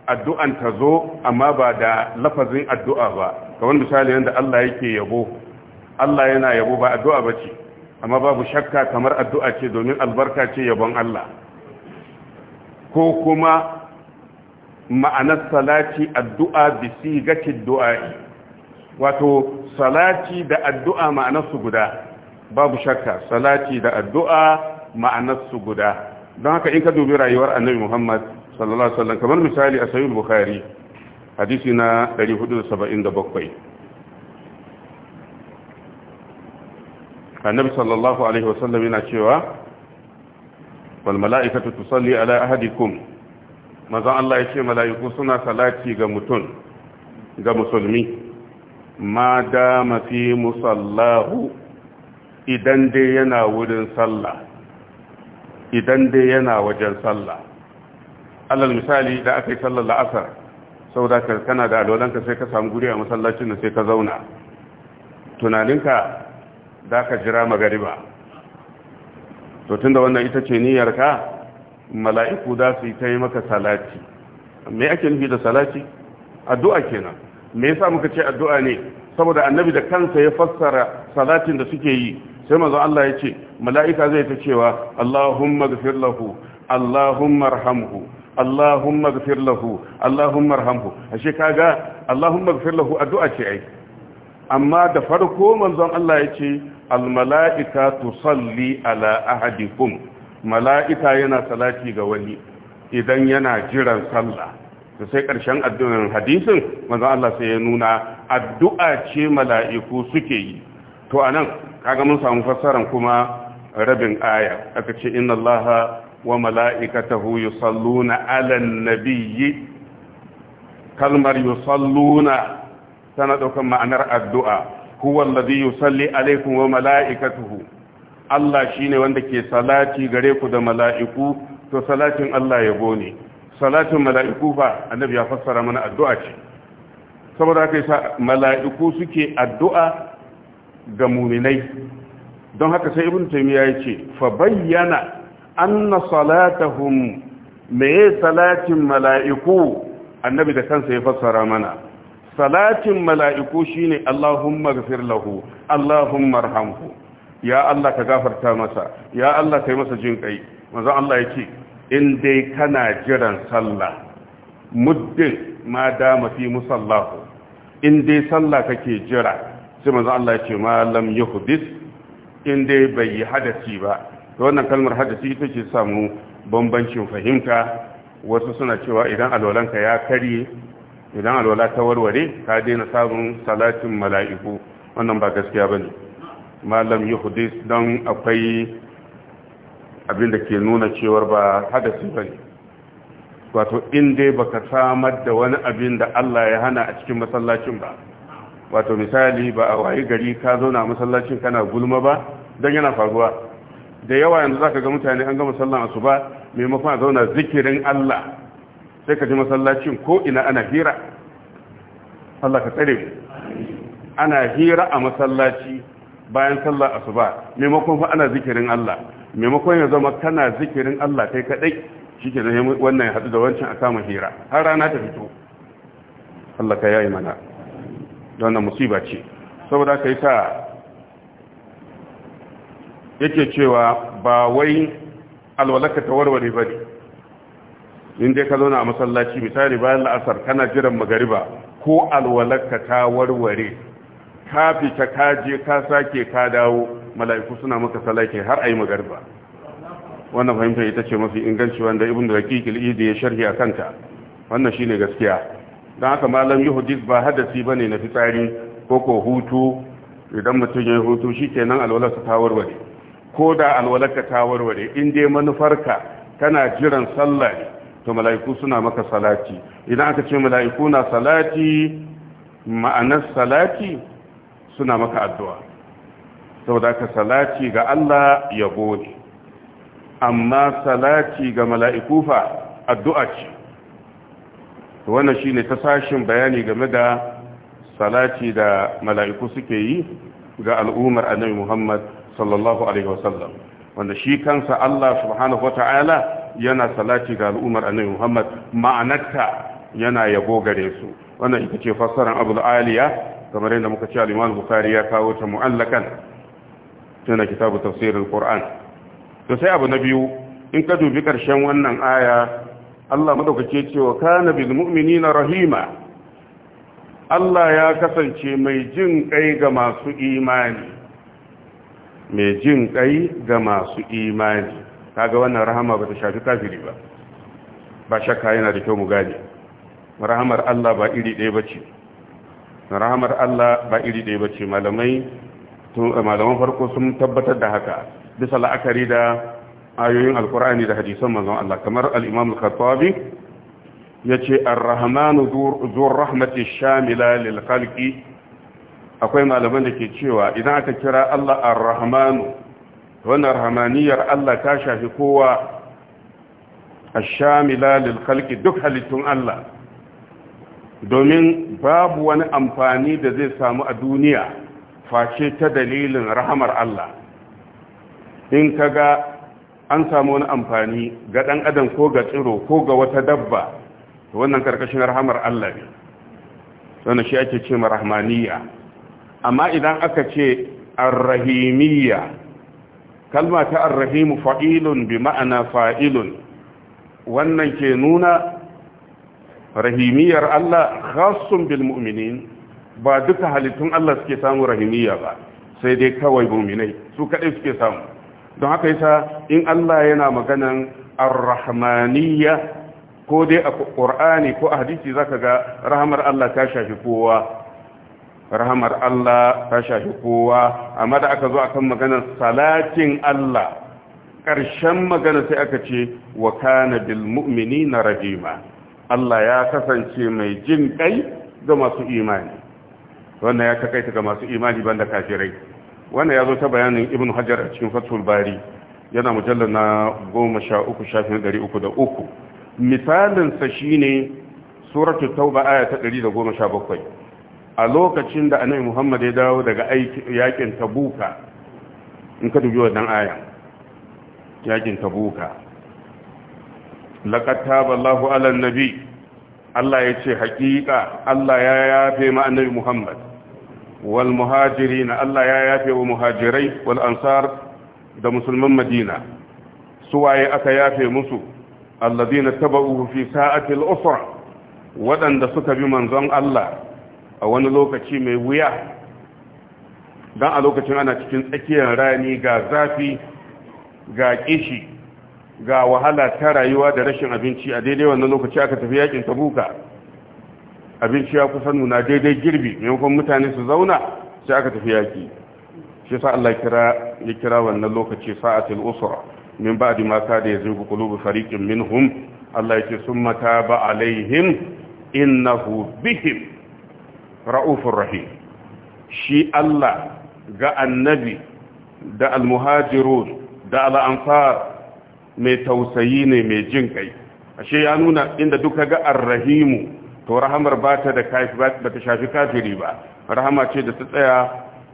addu'an ta zo amma ba da lafazin addu'a ba kamar misali yadda Allah yake yabo Allah yana yabo ba addu'a ba ce amma babu shakka kamar addu'a ce domin albarka ce yabon Allah ko kuma ma'anar salaci addu'a bisi gacin du'a'i wato salaci da addu'a ma'anarsu guda babu shakka salaci da addu'a ma'anarsu guda don haka in ka dubi rayuwar annabi muhammad sallallahu alaihi wasallam kamar misali a sayyid Buhari hadisi na 477 annabi sallallahu alaihi wasallam yana cewa wal mala'ikatu tusalli ala ahadikum mazan Allah ya ce mala'iku suna salati ga mutum ga musulmi ma dama fi musallahu idan dai yana wurin sallah idan dai yana wajen sallah alal misali da aka yi sallar la'asar sau da kana da alwalanka sai ka samu guri a masallacin da sai ka zauna tunaninka za ka jira magariba to tunda wannan ita ce niyyarka mala'iku za su yi ta yi maka salati me ake nufi da salati addu'a kenan me yasa muka ce addu'a ne saboda annabi da kansa ya fassara salatin da suke yi sai manzo Allah ya ce mala'ika zai ta cewa Allahumma ghfir lahu Allahumma arhamhu Allahumma ghfir lahu Allahumma arhamhu ashe kaga Allahumma ghfir lahu addu'a ce ai amma da farko manzon Allah ya ce almala'ika tusalli ala ahadikum mala'ika yana salati ga wani idan yana jiran sallah da sai ƙarshen addu'an hadisin manzon Allah sai ya nuna addu'a ce mala'iku suke yi to anan kaga mun samu fassaran kuma rabin aya aka ce inna allaha wa mala'ikatahu yusalluna ala nabiyyi kalmar yusalluna tana ɗaukar ma'anar addu'a huwa alladhi yusalli alaikum wa mala'ikatuhu Allah shine wanda ke salati gare ku da mala'iku to salatin Allah yabo ne salatin mala'iku fa annabi ya fassara mana addu'a ce saboda haka sa, mala'iku suke addu'a ga muminai don haka sai ibn taymiya yace fa bayyana anna salatahum me salatin mala'iku annabi da kansa ya fassara mana salatin mala'iku shi shine Allahumma ghfir lahu Allahumma arhamhu ya Allah ka gafarta masa ya Allah ka yi masa jin kai manzo Allah ce. in dai kana jiran sallah muddin ma dama fi musallahu in dai sallah kake jira sai manzo Allah ya ce ma lam yuhdith in dai bai yi hadasi ba to wannan kalmar hadasi ita ce samu bambancin fahimta wasu suna cewa idan alwalanka ya karye idan alwala ta warware ka daina samun salatin mala'iku wannan ba gaskiya ba ne malam yahudis don akwai abin da ke nuna cewar ba hadasi ba ne wato inda ba ka samar da wani abin da allah ya hana a cikin masallacin ba wato misali ba a wayi gari ka zauna masallacin kana gulma ba don yana faruwa da yawa yanzu za ka ga mutane an gama sallan ba? maimakon a zauna zikirin allah sai ka ji masallacin ko ina ana hira Allah ka tsare mu ana hira a masallaci bayan sallar asuba maimakon fa ana zikirin Allah maimakon ya zama kana zikirin Allah kai kadai shike da wannan ya hadu da wancan a kama hira har rana ta fito Allah ka yayi mana da wannan musiba ce saboda kai sa yake cewa ba wai alwalaka ta ba bane in dai ka zauna a masallaci misali bayan la'asar kana jiran magariba ko alwalarka ta warware ka fita ka je ka sake ka dawo mala'iku suna maka salake har yi magariba wannan fahimta ita ce mafi inganci wanda ibn raqiq idi ya sharhi a kanta wannan shine gaskiya dan haka malam yuhdis ba hadasi ne na fitsari ko ko hutu idan mutum ya hutu shikenan alwalarsa ta warware ko da alwalarka ta warware in dai manufarka kana jiran sallah to mala'iku suna maka salati idan aka ce mala'iku na salati ma'anar salati suna maka addu'a saboda ka salati ga Allah ya ne amma salati ga mala'iku fa addu'a ce wannan shine ta sashin bayani game da salati da mala'iku suke yi ga al'ummar annabi Muhammad sallallahu alaihi wasallam wanda shi kansa Allah subhanahu wata'ala yana salati ga al'ummar annabi Muhammad ma'anarta yana yabo gare su wannan ita ce fassarar Abu Aliya kamar yadda muka ce al-Imam ya kawo ta mu'allakan tana kitabu tafsirin al to sai abu na biyu in ka dubi karshen wannan aya Allah madaukake cewa kana bil mu'minina rahima Allah ya kasance mai jin kai ga masu imani mai jin kai ga masu imani kaga wannan rahama ba ta shafi kafiri ba ba shakka yana da kyau mu gane rahamar Allah ba iri ɗaya ce. rahamar Allah ba iri ɗaya ce malamai malaman farko sun tabbatar da haka bisa la'akari da ayoyin alkur'ani da hadisan manzon Allah kamar al-Imam al-Khattabi yace ar-Rahmanu zur rahmati shamila lil khalqi akwai malaman da ke cewa idan aka kira Allah ar-rahmanu wannan rahmaniyar Allah ta shafi kowa ashamila lil khalqi duk halittun Allah domin babu wani amfani da zai samu a duniya face ta dalilin rahamar Allah in kaga an samu wani amfani ga dan adam ko ga tsiro ko ga wata dabba wannan karkashin rahamar Allah ne wannan shi ake cewa rahmaniyya. amma idan aka ce arrahimiyya kalma ta arrahimu fa'ilun bi ma'ana fa'ilun wannan ke nuna rahimiyyar Allah khasun bil mu'minin ba duka halittun Allah suke samu rahimiyya ba sai dai kawai mu'minai su kaɗai suke samu don haka yasa in Allah yana maganan arrahmaniyya ko dai a ƙur'ani ko a hadisi zaka ga rahamar Allah ta shafi kowa rahamar Allah ta shafi kowa amma da aka zo akan maganar salatin Allah ƙarshen magana sai aka ce wa kana bil na rahima Allah ya kasance mai jin kai ga masu imani wannan ya takaita ga masu imani banda kafirai wannan ya zo ta bayanin ibn hajar a cikin fathul bari yana mujallar na goma sha uku shafin ɗari uku da uku misalinsa shine suratu tauba aya ta ɗari da goma sha bakwai a lokacin da annabi Muhammad ya dawo daga yakin Tabuka in ka dubi wannan aya yakin Tabuka laqad taballahu ala nabi Allah ya ce hakika Allah ya yafe ma annabi Muhammad wal muhajirin Allah ya yafe wa muhajirai wal ansar da musulman Madina suwaye aka yafe musu alladhina tabauhu fi sa'atil usra waɗanda suka bi manzon Allah a wani lokaci mai wuya don a lokacin ana cikin tsakiyar rani ga zafi ga kishi ga wahala ta rayuwa da rashin abinci a daidai wannan lokaci aka tafi yakin tabuka abinci ya kusan nuna daidai girbi maimakon mutane su zauna sai aka tafi yaki shi sa Allah ya kira wannan lokaci sa'atul usra min ba'di ma kada yazigu qulubu fariqin minhum Allah ya ce summa taba alaihim innahu bihim Ra'ufin rahim shi Allah ga annabi da almuhajirun da al'amfar mai tausayi ne mai jin kai ashe ya nuna inda duka ga arrahimu to rahamar ba ta da ba ta shafi kafiri ba rahama ce da ta tsaya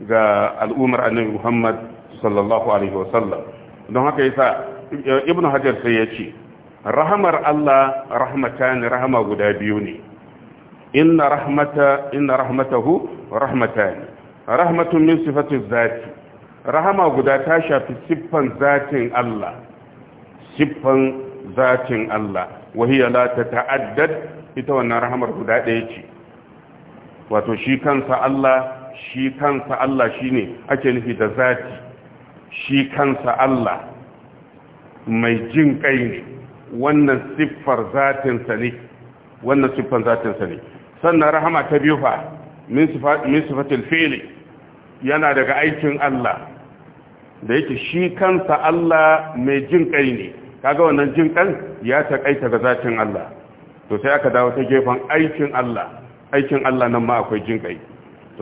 ga al'ummar annabi Muhammad sallallahu alaihi wasallam don haka yasa ibnu hajar sai ya ce rahamar Allah rahmatan rahama guda biyu ne inna rahmata inna rahmatahu rahmatani rahmatun min sifatiz zati rahama guda ta shafi siffan zatin Allah siffan zatin Allah wahiya la ta'addad ita wannan rahamar guda ɗaya ce wato shi kansa Allah shi kansa Allah shine ake nufi da zati shi kansa Allah mai jin kai ne wannan siffar zatinsa ne wannan zatinsa ne sannan rahama ta biyu fa min sifatil fi'li yana daga aikin Allah da yake shi kansa Allah mai jin kai ne kaga wannan jin kan ya takaita ga zatin Allah to sai aka dawo ta gefen aikin Allah aikin Allah nan ma akwai jin kai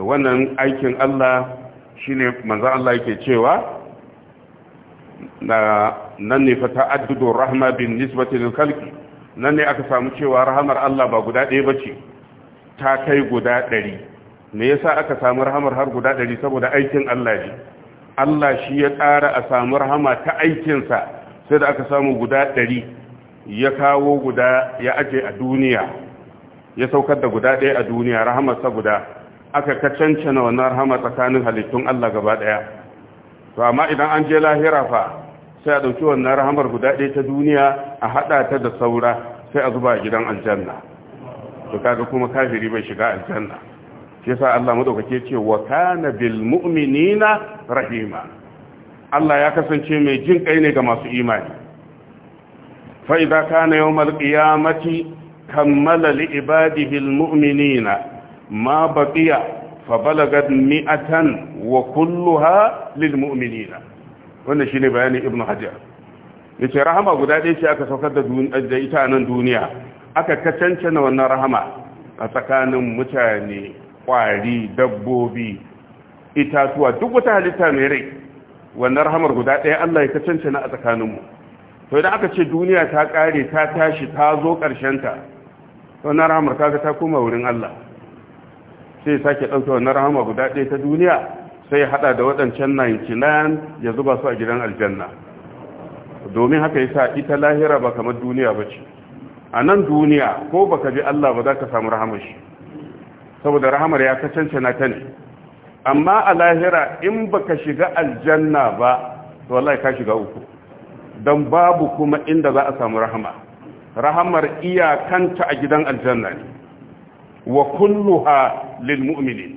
to wannan aikin Allah shine manzo Allah yake cewa nan ne fa ta'addudu rahma bin nisbati lil khalqi nan ne aka samu cewa rahamar Allah ba guda ɗaya bace ta kai guda ɗari me yasa aka samu rahamar har guda ɗari saboda aikin Allah ne Allah shi ya tsara a samu rahama ta aikinsa sai da aka samu guda ɗari ya kawo guda ya aje a duniya ya saukar da guda ɗaya a duniya rahamarsa guda aka ka wannan rahama tsakanin halittun Allah gaba ɗaya to amma idan an je lahira fa sai a ɗauki wannan rahamar guda ɗaya ta duniya a haɗa ta da saura sai a zuba gidan aljanna to kaga kuma kafiri bai shiga aljanna shi yasa Allah madaukake ce wa kana bil mu'minina rahima Allah ya kasance mai jin kai ne ga masu imani fa idza kana yawmal qiyamati kammala li ibadihi al mu'minina ma baqiya fa balagat mi'atan wa kulluha lil mu'minina wannan shine bayanin ibnu hajar yace rahama guda ɗaya ce aka saukar da ita nan duniya aka cancana wannan rahama a tsakanin mutane kwari dabbobi itatuwa duk wata halitta mai rai wannan rahamar guda ɗaya Allah ya cancana a tsakaninmu to idan aka ce duniya ta ƙare ta tashi ta zo ƙarshenta wannan rahamar kaga ta koma wurin Allah sai sake ɗauke wannan rahama guda ɗaya ta duniya sai ya haɗa da waɗancan 99 ya zuba su a gidan aljanna domin haka yasa ita lahira ba kamar duniya ba ce a nan duniya ko baka bi Allah ba za ka samu rahamar shi saboda rahamar ya ta cancana ta ne amma a lahira in baka shiga aljanna ba to wallahi ka shiga uku don babu kuma inda za a samu rahama rahamar iyakanta a gidan aljanna ne wa kulluha lil mu'minin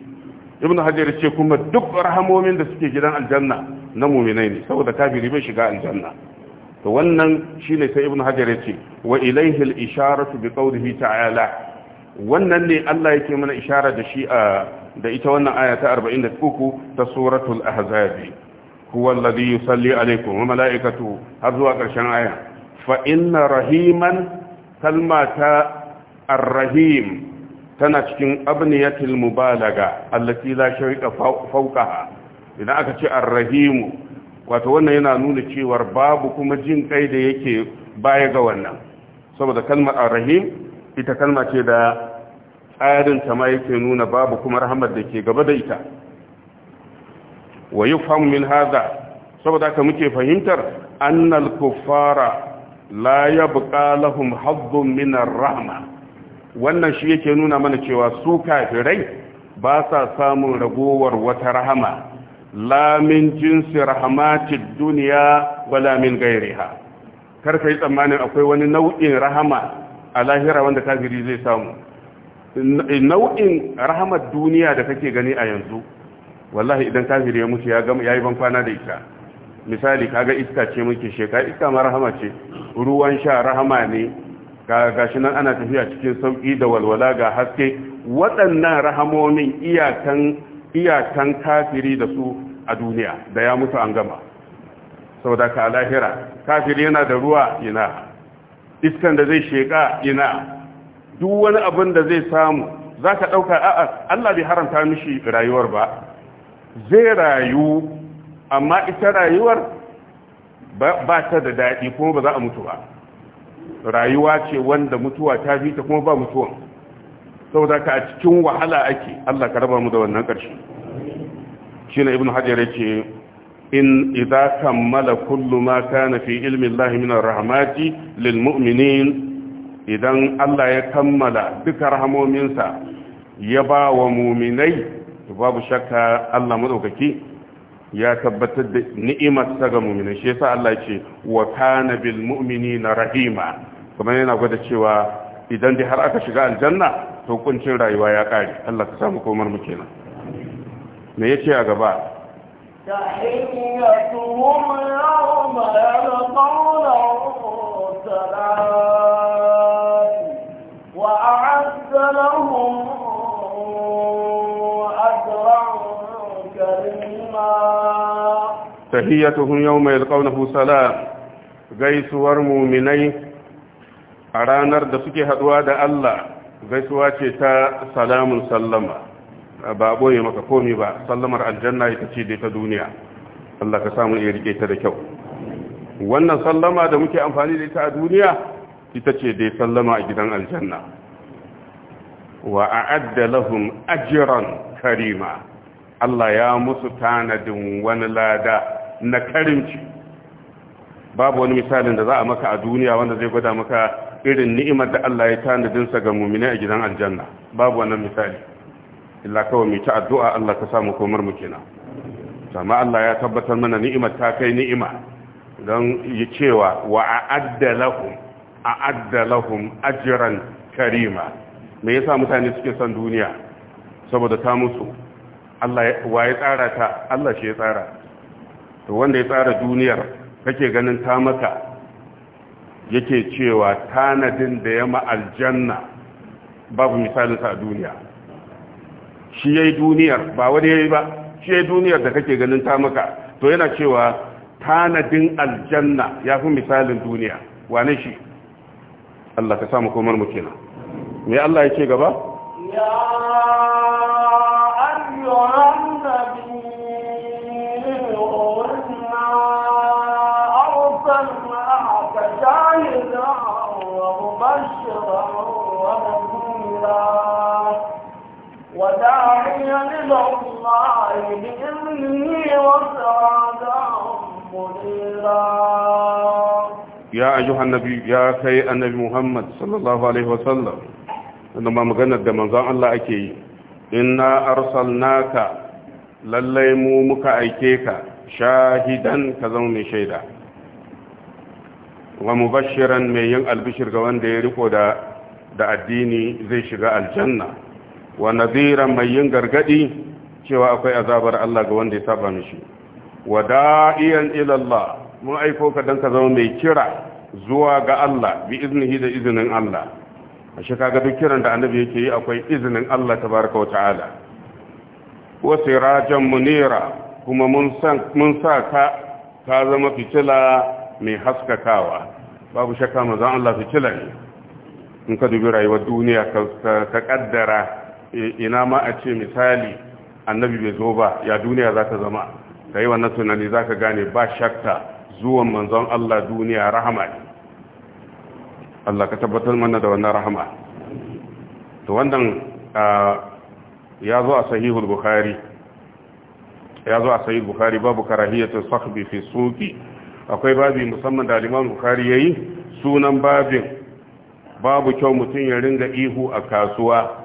ibnu hajar ce kuma duk rahamomin da suke gidan aljanna na mu'minai ne saboda kafiri bai shiga aljanna to wannan shine sai ibnu hajar yace wa ilayhi al-isharatu bi qawlihi ta'ala wannan ne Allah yake mana ishara da shi a da ita wannan aya ta 43 ta suratul ahzab huwa alladhi yusalli alaykum wa malaikatu har zuwa karshen aya fa inna rahiman kalmata ar-rahim tana cikin abniyatil mubalaga allati la shayqa fawqaha idan aka ce ar-rahimu wato wannan yana nuna cewar babu kuma jin kai da yake baya ga wannan saboda kalmar arrahim ita kalma ce da tsarin ta ma yake nuna babu kuma rahmar da ke gaba da ita wa yufhamu min haza saboda ka muke fahimtar annal kuffara la yabqa lahum haddun min rahma wannan shi yake nuna mana cewa su kafirai ba sa samun ragowar wata rahama lamin jinsi rahamatid duniya wala min gairiha kar ka yi tsammanin akwai wani nau'in rahama a lahira wanda kafiri zai samu nau'in rahamar duniya da kake gani a yanzu wallahi idan kafiri ya mutu ya yi yayi ban kwana da ita misali kaga iska ce muke sheka iska ma rahama ce ruwan sha rahama ne gashi nan ana tafiya cikin sauki da walwala ga haske waɗannan rahamomin iyakan iyakan kafiri da su a duniya da ya mutu an gama saboda ka lahira kafiri yana da ruwa ina iskan da zai sheka ina duk wani abin da zai samu za ka ɗauka a Allah bai haramta mishi rayuwar ba zai rayu amma ita rayuwar ba ta da daɗi kuma ba za a mutu ba rayuwa ce wanda mutuwa ta fi ta kuma ba mutuwan saboda ka a cikin wahala ake Allah ka raba mu da wannan ƙarshe shi na ibn hajar yake in idza kammala kullu ma kana fi ilmi Allah min rahmati lil mu'minin idan Allah ya kammala duka sa ya ba wa mu'minai babu shakka Allah madaukaki ya tabbatar da ni'imar ga mu'minai shi yasa Allah ce wa kana bil mu'minina rahima kuma yana gwada cewa idan dai har aka shiga aljanna hukuncin rayuwa ya kare Allah ka samu komar muke kenan me ya ce a gaba تحيتهم يوم يلقونه mai وأعد لهم gaisuwar muminai a ranar da suke haɗuwa da Allah gaisuwa ce ta salamun sallama ba ɓoye maka komi ba sallamar aljanna ita ce dai ta duniya Allah ka samu iya riƙe ta da kyau wannan sallama da muke amfani da ita a duniya ita ce dai sallama a gidan aljanna wa a lahum Ajiran karima Allah ya musu tanadin wani lada na karimci babu wani misalin da za a maka a duniya wanda zai gwada maka irin ni'imar da Allah ya sa ga mumina a gidan aljanna babu wannan misali illa kawai mu ta addu'a Allah ka samu komar mu kenan amma Allah ya tabbatar mana ni'imar ta kai ni'ima don yi cewa wa a'adda lahum a'adda lahum ajran karima me yasa mutane suke son duniya saboda ta musu Allah wa ya tsara ta Allah shi ya tsara to wanda ya tsara duniyar kake ganin ta maka yake cewa tanadin da ya ma'aljanna babu misalinsa a duniya shi ya yi duniyar ba wani ya yi ba shi ya yi duniyar da kake ganin ta maka to yana cewa tanadin aljanna ya fi misalin duniya wane shi Allah ka samu komar mukina me Allah ya ce gaba
ya ayyuhan nabi
يا أيها النبي يا كي النبي محمد صلى الله عليه وسلم إنما مغنى دمزان الله أكي إنا أرسلناك للي mu muka aike ka shahidan ka wa mubashiran mai yin albishir ga wanda ya riko da da addini zai shiga aljanna wa nadhiran mai yin gargadi cewa akwai azabar Allah ga wanda ya saba mishi wa da'iyan ila Allah mun aiko ka dan ka zama mai kira zuwa ga Allah bi iznihi da izinin Allah a shi kaga duk kiran da annabi yake yi akwai izinin Allah tabaraka wa ta'ala wa sirajan munira kuma mun san mun sa ka ka zama fitila mai haskakawa babu shakka manzon Allah su kila ne in ka dubi rayuwar duniya ka kaddara e, ina ma a ce misali annabi bai zo ba ya duniya za ta zama ka yi wannan tunani za ka gane ba shakka zuwan manzon Allah duniya rahama ne Allah ka tabbatar mana da wannan rahama to wannan ya zo a sahihul bukhari ya zo a sahihul bukhari babu karahiyatu sahbi fi suki akwai babi musamman da liman bukari ya yi sunan babin babu kyau mutum ya ringa ihu a kasuwa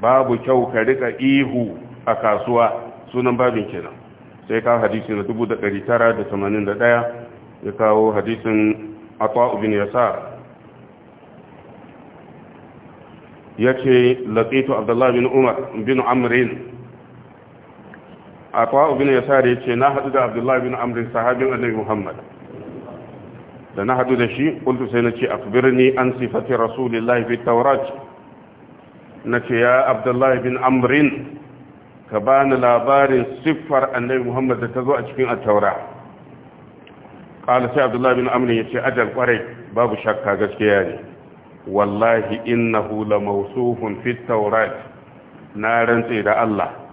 babu kyau ka rika ihu a kasuwa sunan babin kenan sai kawo hadisi na 1981 ya kawo hadisin atwa ya yasar ya ce latsito abdullahi bin umar bin amrin atwa ibn yasar ce na hadu da abdullahi bin Amrin sahabin annabi muhammad da na hadu da shi kuntu sai a akhbirni an sifati rasulillahi fi na ce ya abdullahi bin Amrin ka bani labarin siffar annabi muhammad da ta zo a cikin at-taura qala sai abdullahi bin Amrin ya ce ajal kwarai babu shakka gaskiya ne wallahi innahu la mawsufun fi tawrat na rantse da Allah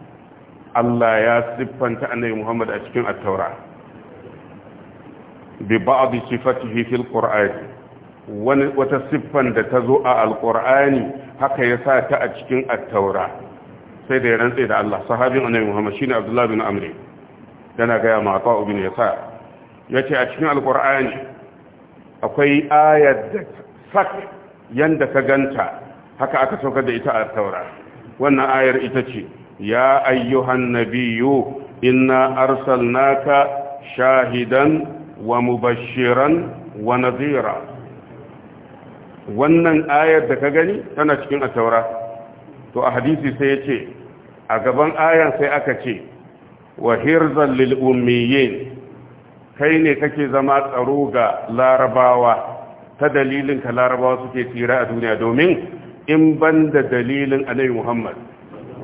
Allah ya siffanta annabi Muhammad a cikin attaura. taura bi ba'd sifatihi fil qur'an wani wata siffan da ta zo a alqur'ani haka ya sa ta a cikin attaura. sai da ya rantse da Allah sahabin annabi Muhammad shine Abdullah bin Amr yana ga ma ta ibn Yasa yace a cikin alqur'ani akwai ayat da sak yanda ka ganta haka aka saukar da ita a at wannan ayar ita ce ya أيها النبي إنا أرسلناك shahidan wa ونظيرا wa wannan ayar da ka gani tana cikin at to a hadisi sai ya ce, a gaban ayar sai aka ce wa hirzan lil ummiyin kai ne kake zama tsaro ga larabawa ta dalilin ka larabawa suke tsira a duniya domin in banda dalilin annabi Muhammad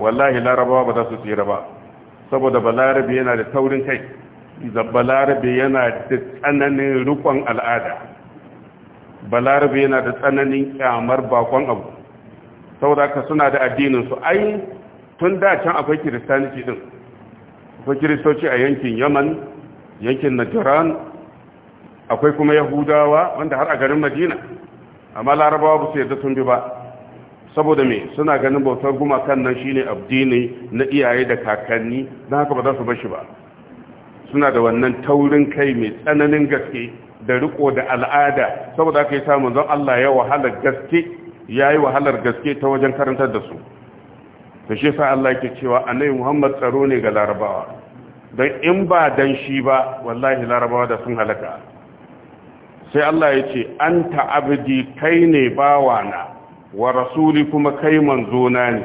wallahi larabawa ba za su tsira ba saboda balarabe yana da taurin kai balarabe yana da tsananin rikon al'ada balarabe yana da tsananin kyamar bakon abu saboda ka suna da addininsu ai tun da can akwai kiristanci din akwai kiristoci a yankin yaman yankin najiran akwai kuma yahudawa wanda har a garin madina amma larabawa ba su yadda sun bi ba saboda me suna ganin bautar gumakan nan shine abdini na iyaye da kakanni don haka ba za su bashi ba suna da wannan taurin kai mai tsananin gaske da riko da al'ada saboda aka yi samun zan Allah ya wahalar gaske ya wahalar gaske ta wajen karantar da su da shi sa Allah ke cewa annabi Muhammad tsaro ne ga larabawa don in ba dan shi ba wallahi larabawa da sun halaka sai Allah ya ce an ta'abdi kai ne bawana wa rasuli kuma kai manzona ne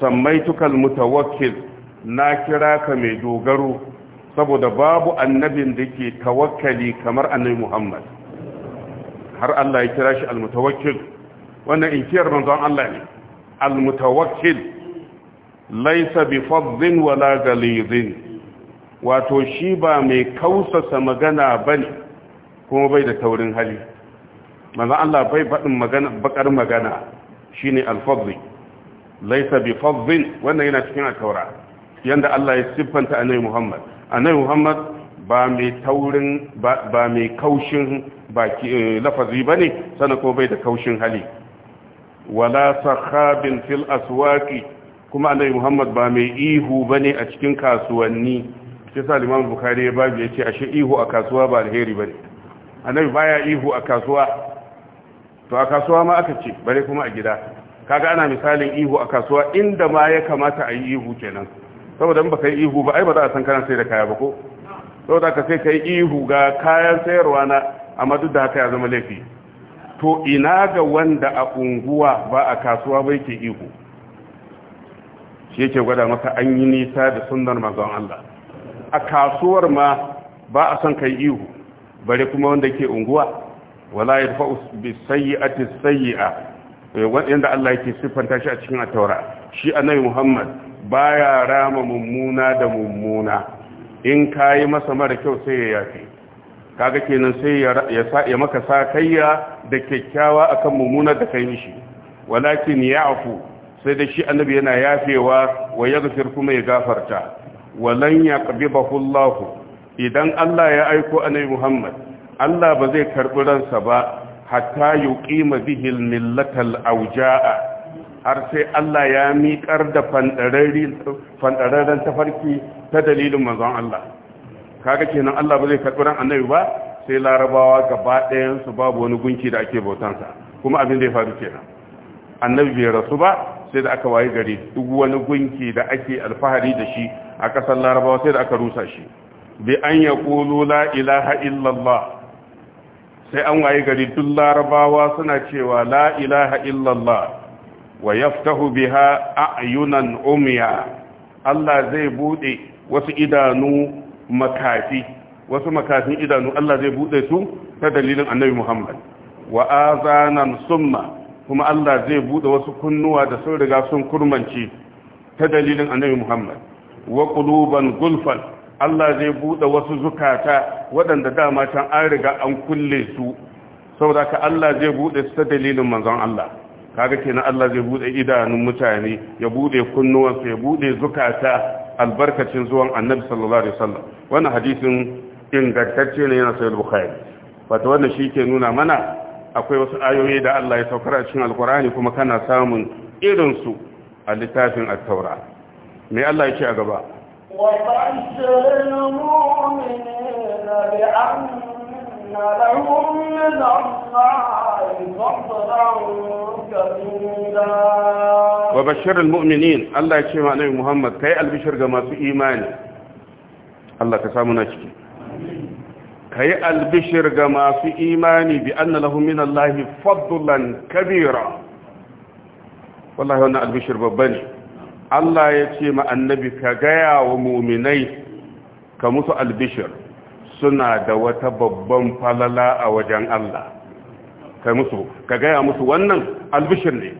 sammaituka mutawakkil na kira ka mai dogaro saboda babu annabin da ke tawakkali kamar annabi Muhammad har Allah ya kira shi almutawakkil wannan inkiyar manzon Allah ne almutawakkil laisa bi fadhin wala galizin wato shi ba mai kausasa magana bane kuma bai da taurin hali manzo Allah bai faɗin magana bakar magana shine al-fadl laysa bi wannan yana cikin al-taura yanda Allah ya siffanta annabi Muhammad annabi Muhammad ba mai taurin ba mai kaushin baki eh, lafazi bane sana ko bai da kaushin hali wala sahabin fil aswaqi kuma annabi Muhammad ba mai ihu bane a cikin kasuwanni sai sa Imam Bukhari ya ce yace ashe ihu a kasuwa ba alheri bane annabi baya ihu a kasuwa to a kasuwa ma aka ce bare kuma a gida kaga ana misalin ihu a kasuwa inda ma ya kamata a yi ihu kenan saboda in baka yi ihu ba ai ba za a san kana sai da kaya ba ko saboda ka sai kai ihu ga kayan sayarwa na amma duk da haka ya zama laifi to ina ga wanda a unguwa ba a kasuwa ba yake ihu shi yake gwada maka an yi nisa da sunnar manzon Allah a kasuwar ma ba a son kai ihu bare kuma wanda ke unguwa wala yadfa'u bi sayyi'ati sayyi'a eh, wanda Allah yake siffanta shi a cikin at-taura shi annabi Muhammad baya rama mummuna da mummuna in yi masa mara kyau sai ya yafi kaga kenan sai ya sa kayya maka sakayya da kyakkyawa akan mummuna da kai mishi walakin afu. sai da shi annabi yana yafewa wa yaghfir kuma ya gafarta walan yaqbidahu Allah idan Allah ya aiko annabi Muhammad Allah ba zai karɓi ransa ba hatta yuqima bihil millatal auja'a har sai Allah ya miƙar da fanɗararren tafarki ta dalilin manzon Allah kaga kenan Allah ba zai karɓi ran annabi ba sai larabawa gaba ɗayan su babu wani gunki da ake bautansa kuma abin da ya faru kenan annabi bai rasu ba sai da aka waye gari duk wani gunki da ake alfahari da shi a ƙasar larabawa sai da aka rusa shi bi an ƙulu la ilaha illallah sai an waye gari duk larabawa suna cewa la ilaha illallah wa yaftahu biha a'yunan umya Allah zai bude wasu idanu makafi wasu makafin idanu Allah zai bude su ta dalilin Annabi Muhammad wa azanan summa kuma Allah zai bude wasu kunnuwa da sun riga sun kurmanci ta dalilin Annabi Muhammad wa quluban gulfan Allah zai buɗe wasu zukata waɗanda dama can an riga an kulle su saboda ka Allah zai buɗe su ta dalilin manzon Allah kaga kenan Allah zai buɗe idanun mutane ya buɗe kunnuwansu ya buɗe zukata albarkacin zuwan annabi sallallahu alaihi wasallam wannan hadisin ingantacce ne yana sayar bukhari wata wannan shi ke nuna mana akwai wasu ayoyi da Allah ya saukar a cikin alkurani kuma kana samun irinsu a littafin taura me Allah ya ce a gaba
وبشر المؤمنين بأن لهم من الله فضلا كبيرا
وبشر المؤمنين الله يشفع نبي محمد كي البشر كما في إيمان الله كسامنا شكي كي البشر كما في إيمان بأن لهم من الله فضلا كبيرا والله هنا البشر ببني Allah ya ce ma annabi ka gaya wa muminai ka musu albishir suna da wata babban falala a wajen Allah ka musu ka gaya musu wannan albishir ne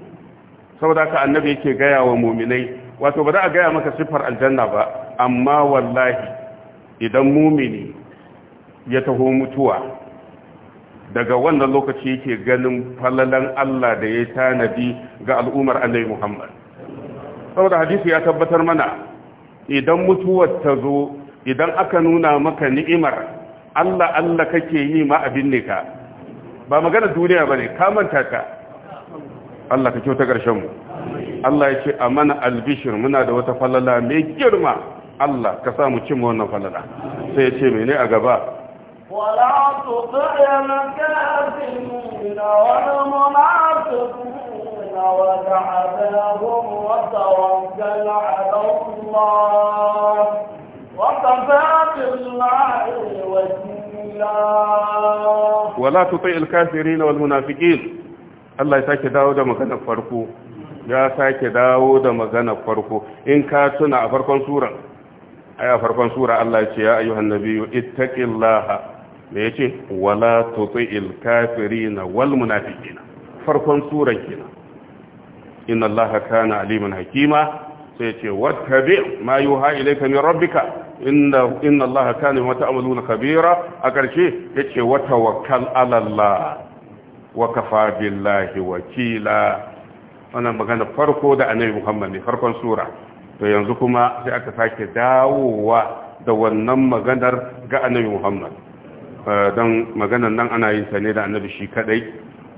saboda ka annabi yake gaya wa muminai wato ba za a gaya maka sifar aljanna ba amma wallahi idan mumini ya taho mutuwa daga wannan lokaci yake ganin falalan Allah da ya tanadi ga al'ummar annabi Muhammad saboda hadisi ya tabbatar mana idan mutuwar ta zo idan aka nuna maka ni'imar Allah Allah kake yi ma abin ne ka ba magana duniya bane ka manta ka Allah ka kyauta karshen mu Allah ya ce amana albishir muna da wata falala mai girma Allah ka sa mu cin wannan falala sai ya ce mene a gaba
ولا تطع المكافرين والمنافقين وتعذاهم وتوكل على الله وكفى بالله وكيلا
ولا تطيع الكافرين والمنافقين Allah ya sake dawo da maganar farko ya sake dawo da magana farko in ka tuna a farkon sura ai a farkon sura Allah ya ce ya ayyuhan nabiyyu ittaqillaha me yace wala tuti'il kafirina wal munafiqina farkon sura kenan inna allaha kana aliman hakima sai ce wattabi ma yuha ilayka min rabbika inna inna allaha kana wa ta'maluna kabira a karshe yace wa tawakkal ala allah wa kafa billahi wakila wannan magana farko da annabi muhammad ne farkon sura to yanzu kuma sai aka sake dawowa da wannan maganar ga annabi muhammad eh, don maganar nan ana yin sa ne da annabi shi kadai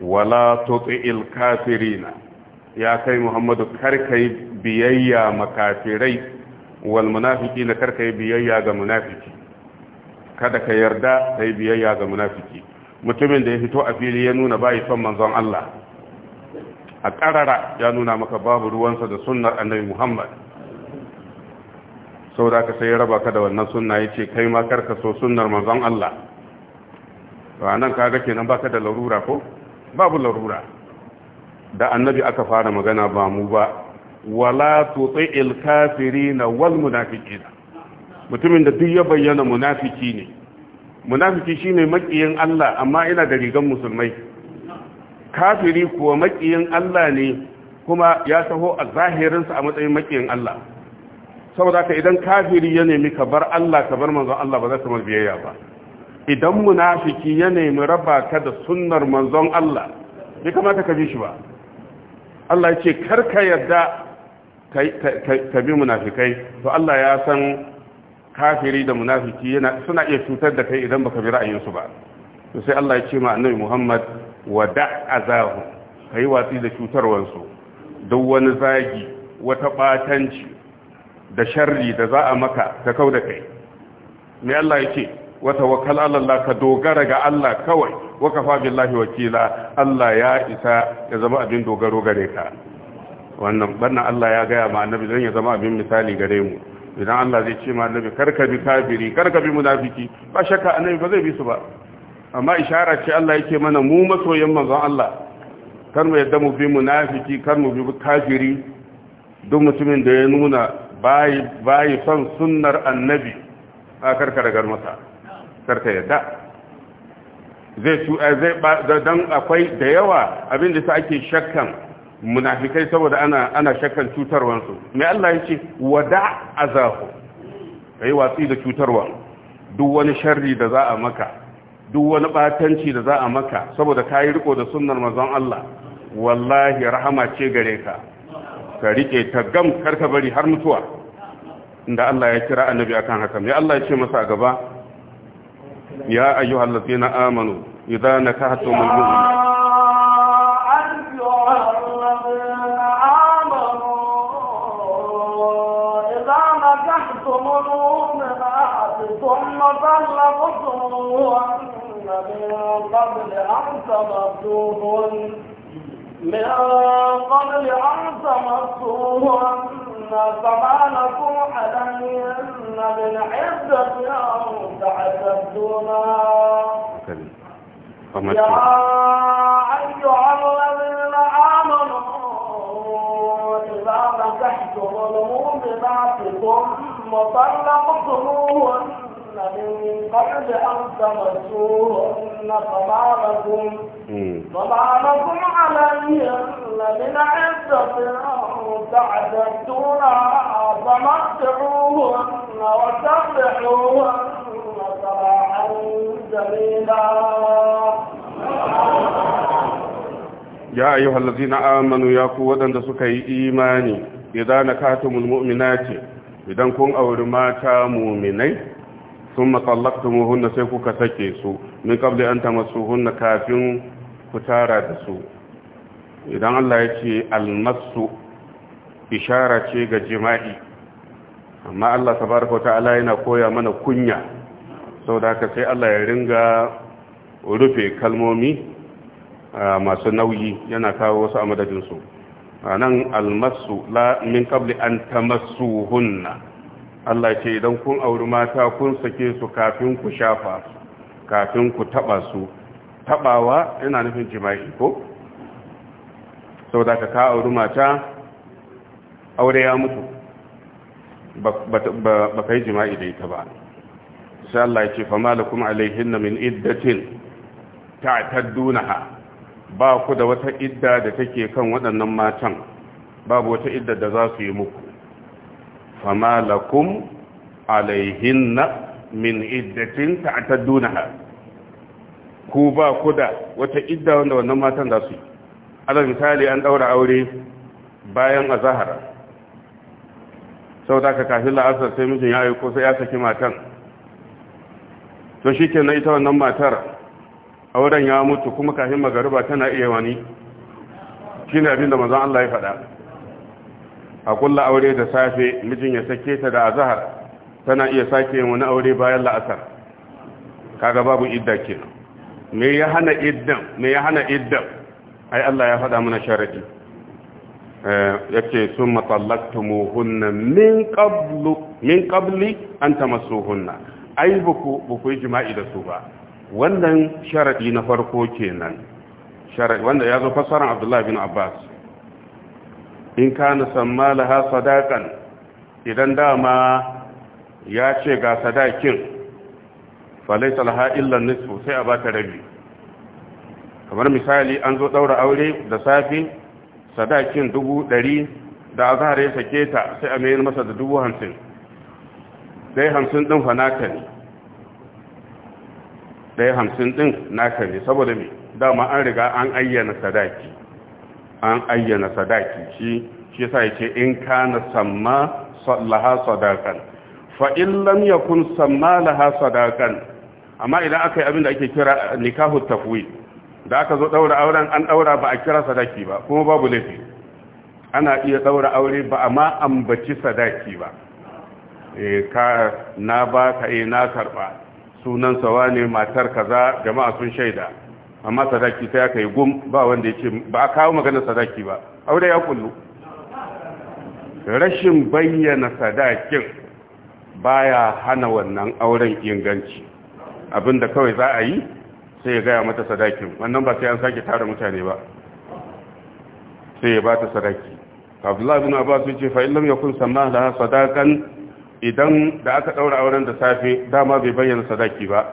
wala tuti il kafirina ya kai muhammadu karkai biyayya makafirai wal munafiki na karkai biyayya ga munafiki kada ka yarda kai biyayya ga munafiki mutumin da ya fito a fili ya nuna bai son manzon Allah a ya nuna maka babu ruwansa da sunnar annabi muhammad saboda ka sai raba ka da wannan sunna ya ce kai ma karka so sunnar manzon Allah to anan ga kenan baka da larura ko babu larura da annabi aka fara magana ba mu ba wala ilkafiri na wal munafiqina mutumin da duk ya bayyana munafiki ne munafiki shine makiyin Allah amma ina da rigan musulmai kafiri kuwa makiyin Allah ne kuma ya taho a zahirinsa a matsayin makiyin Allah saboda ka idan kafiri ya nemi ka bar Allah ka bar manzon Allah ba za ka mar biyayya ba idan munafiki ya nemi raba ka da sunnar manzon Allah bai kamata ka bi shi ba Allah ya ce karka yarda ka bi munafikai to Allah ya san kafiri da munafiki suna iya cutar da kai idan baka bi ra'ayinsu ba to sai Allah ya ce ma annabi Muhammad wada azahu kai watsi da cutarwansu duk wani zagi wata batanci da sharri da za a maka ta kau da kai me Allah ya ce Wata tawakkal ala Allah ka dogara ga Allah kawai wa kafa billahi wakila Allah ya isa ya zama abin dogaro gare ka wannan banna Allah ya gaya ma annabi dan ya zama abin misali gare mu idan Allah zai ce ma annabi karka bi kafiri karka bi munafiki ba shakka annabi ba zai bi su ba amma ishara ce Allah yake mana mu masoyan manzon Allah kar mu yadda mu bi munafiki kar mu bi kafiri duk mutumin da ya nuna bayi son sunnar annabi a karkaragar masa ta yadda zai eh, zai dan akwai da yawa abinda da ake shakkan munafikai saboda ana ana shakkan cutarwansu mai Allah ya ce wada azahu kai watsi da cutarwa duk wani sharri da za a maka duk wani batanci da za a maka saboda ka yi riko da sunnar mazan Allah wallahi rahama ce gare ka ka rike ta gam karka bari har mutuwa inda Allah ya kira annabi akan haka mai Allah ya ce masa a gaba يا أيها الذين آمنوا إذا نكحتم المؤمنين
ثم طلقتموهن من قبل أن تمسوهن من قبل أن تمسوهن فما لكم عليهن من عزة أن تعتدونها يا أيها الذين آمنوا إذا نكحتم المؤمنات ثم طلقتموهن من قبل أن تمسوهن فما لكم من عدة تعتدونها فمتعوهن وسبحوهن سراحا جميلا
ya ayi hallazi na amanu ya ku waɗanda suka yi imani idan na katumul mu'minati idan kun auri mata muminai sun matsallaktumohunna sai kuka sake su min kabli an tamassuhunna kafin ku tara da su idan Allah ya ce almasu ishara ce ga jima'i amma Allah tabaraka ta'ala yana koya mana kunya saboda haka sai Allah ya ringa rufe kalmomi masu nauyi yana kawo wasu a madadinsu a nan almasu la min kabli an tamassuhunna Allah ce idan kun auri mata kun sake su kafin ku shafa kafin ku taba su tabawa yana nufin jima'i ko saboda ka ka auri mata aure ya mutu ba kai jima'i da ita ba sai Allah ce fa malakum alaihinna min iddatin ta'taddunaha ba ku da wata idda da take kan waɗannan matan babu wata idda da za su yi muku fama lakum alaihinna min iddatin ta'taddunaha ku ba ku da wata idda wanda wannan matan za su yi alal misali an daura aure bayan azahara sau da ka kafin la'asar sai mijin ya yi ko sai ya saki matan to shi ke na ita wannan matar auren ya mutu kuma kafin magariba tana iya wani shi ne abinda mazan Allah ya faɗa a kulla aure da safe mijin ya sake ta da azahar tana iya sake wani aure bayan la'asar kaga babu idda kenan me ya hana iddan me ya hana iddan ai Allah ya faɗa mana sharadi eh, yace summa tallaktumuhunna min qablu min qabli an tamassuhunna ai buku buku jima'i da su ba wannan sharadi na farko kenan sharadi wanda ya zo fassaran Abdullah bin Abbas in kana ha sadakan idan dama ya ce ga sadakin falaisa laha illan nisfu sai a baka rabi kamar misali an zo daura aure da safi sadakin dubu ɗari da azhar ya sake ta sai a mayar masa da dubu hamsin Sai hamsin ɗin fa naka ne sai hamsin ɗin naka ne saboda me dama an riga an ayyana sadaki an ayyana sadaki shi shi yasa yake in kana samma laha sadakan fa in lam yakun samma laha sadakan amma idan aka yi abin da ake kira nikahu tafwid da aka zo daura auren an daura ba a kira sadaki ba kuma babu laifi ana iya daura aure ba amma ambaci sadaki ba eh ka na ba ka eh na karba sunan sawane matar kaza jama'a sun shaida amma sadaki sai aka yi gum ba wanda ya ce ba a kawo maganar sadaki ba aure ya kullu rashin bayyana sadakin baya hana wannan auren inganci abinda kawai za a yi sai ya gaya mata sadakin wannan ba sai an sake tara mutane ba sai ya ba ta sadaki abdullahi bin abbas ya ce fa illam yakun sanna laha sadakan idan da aka ɗaura auren da safe dama bai bayyana sadaki ba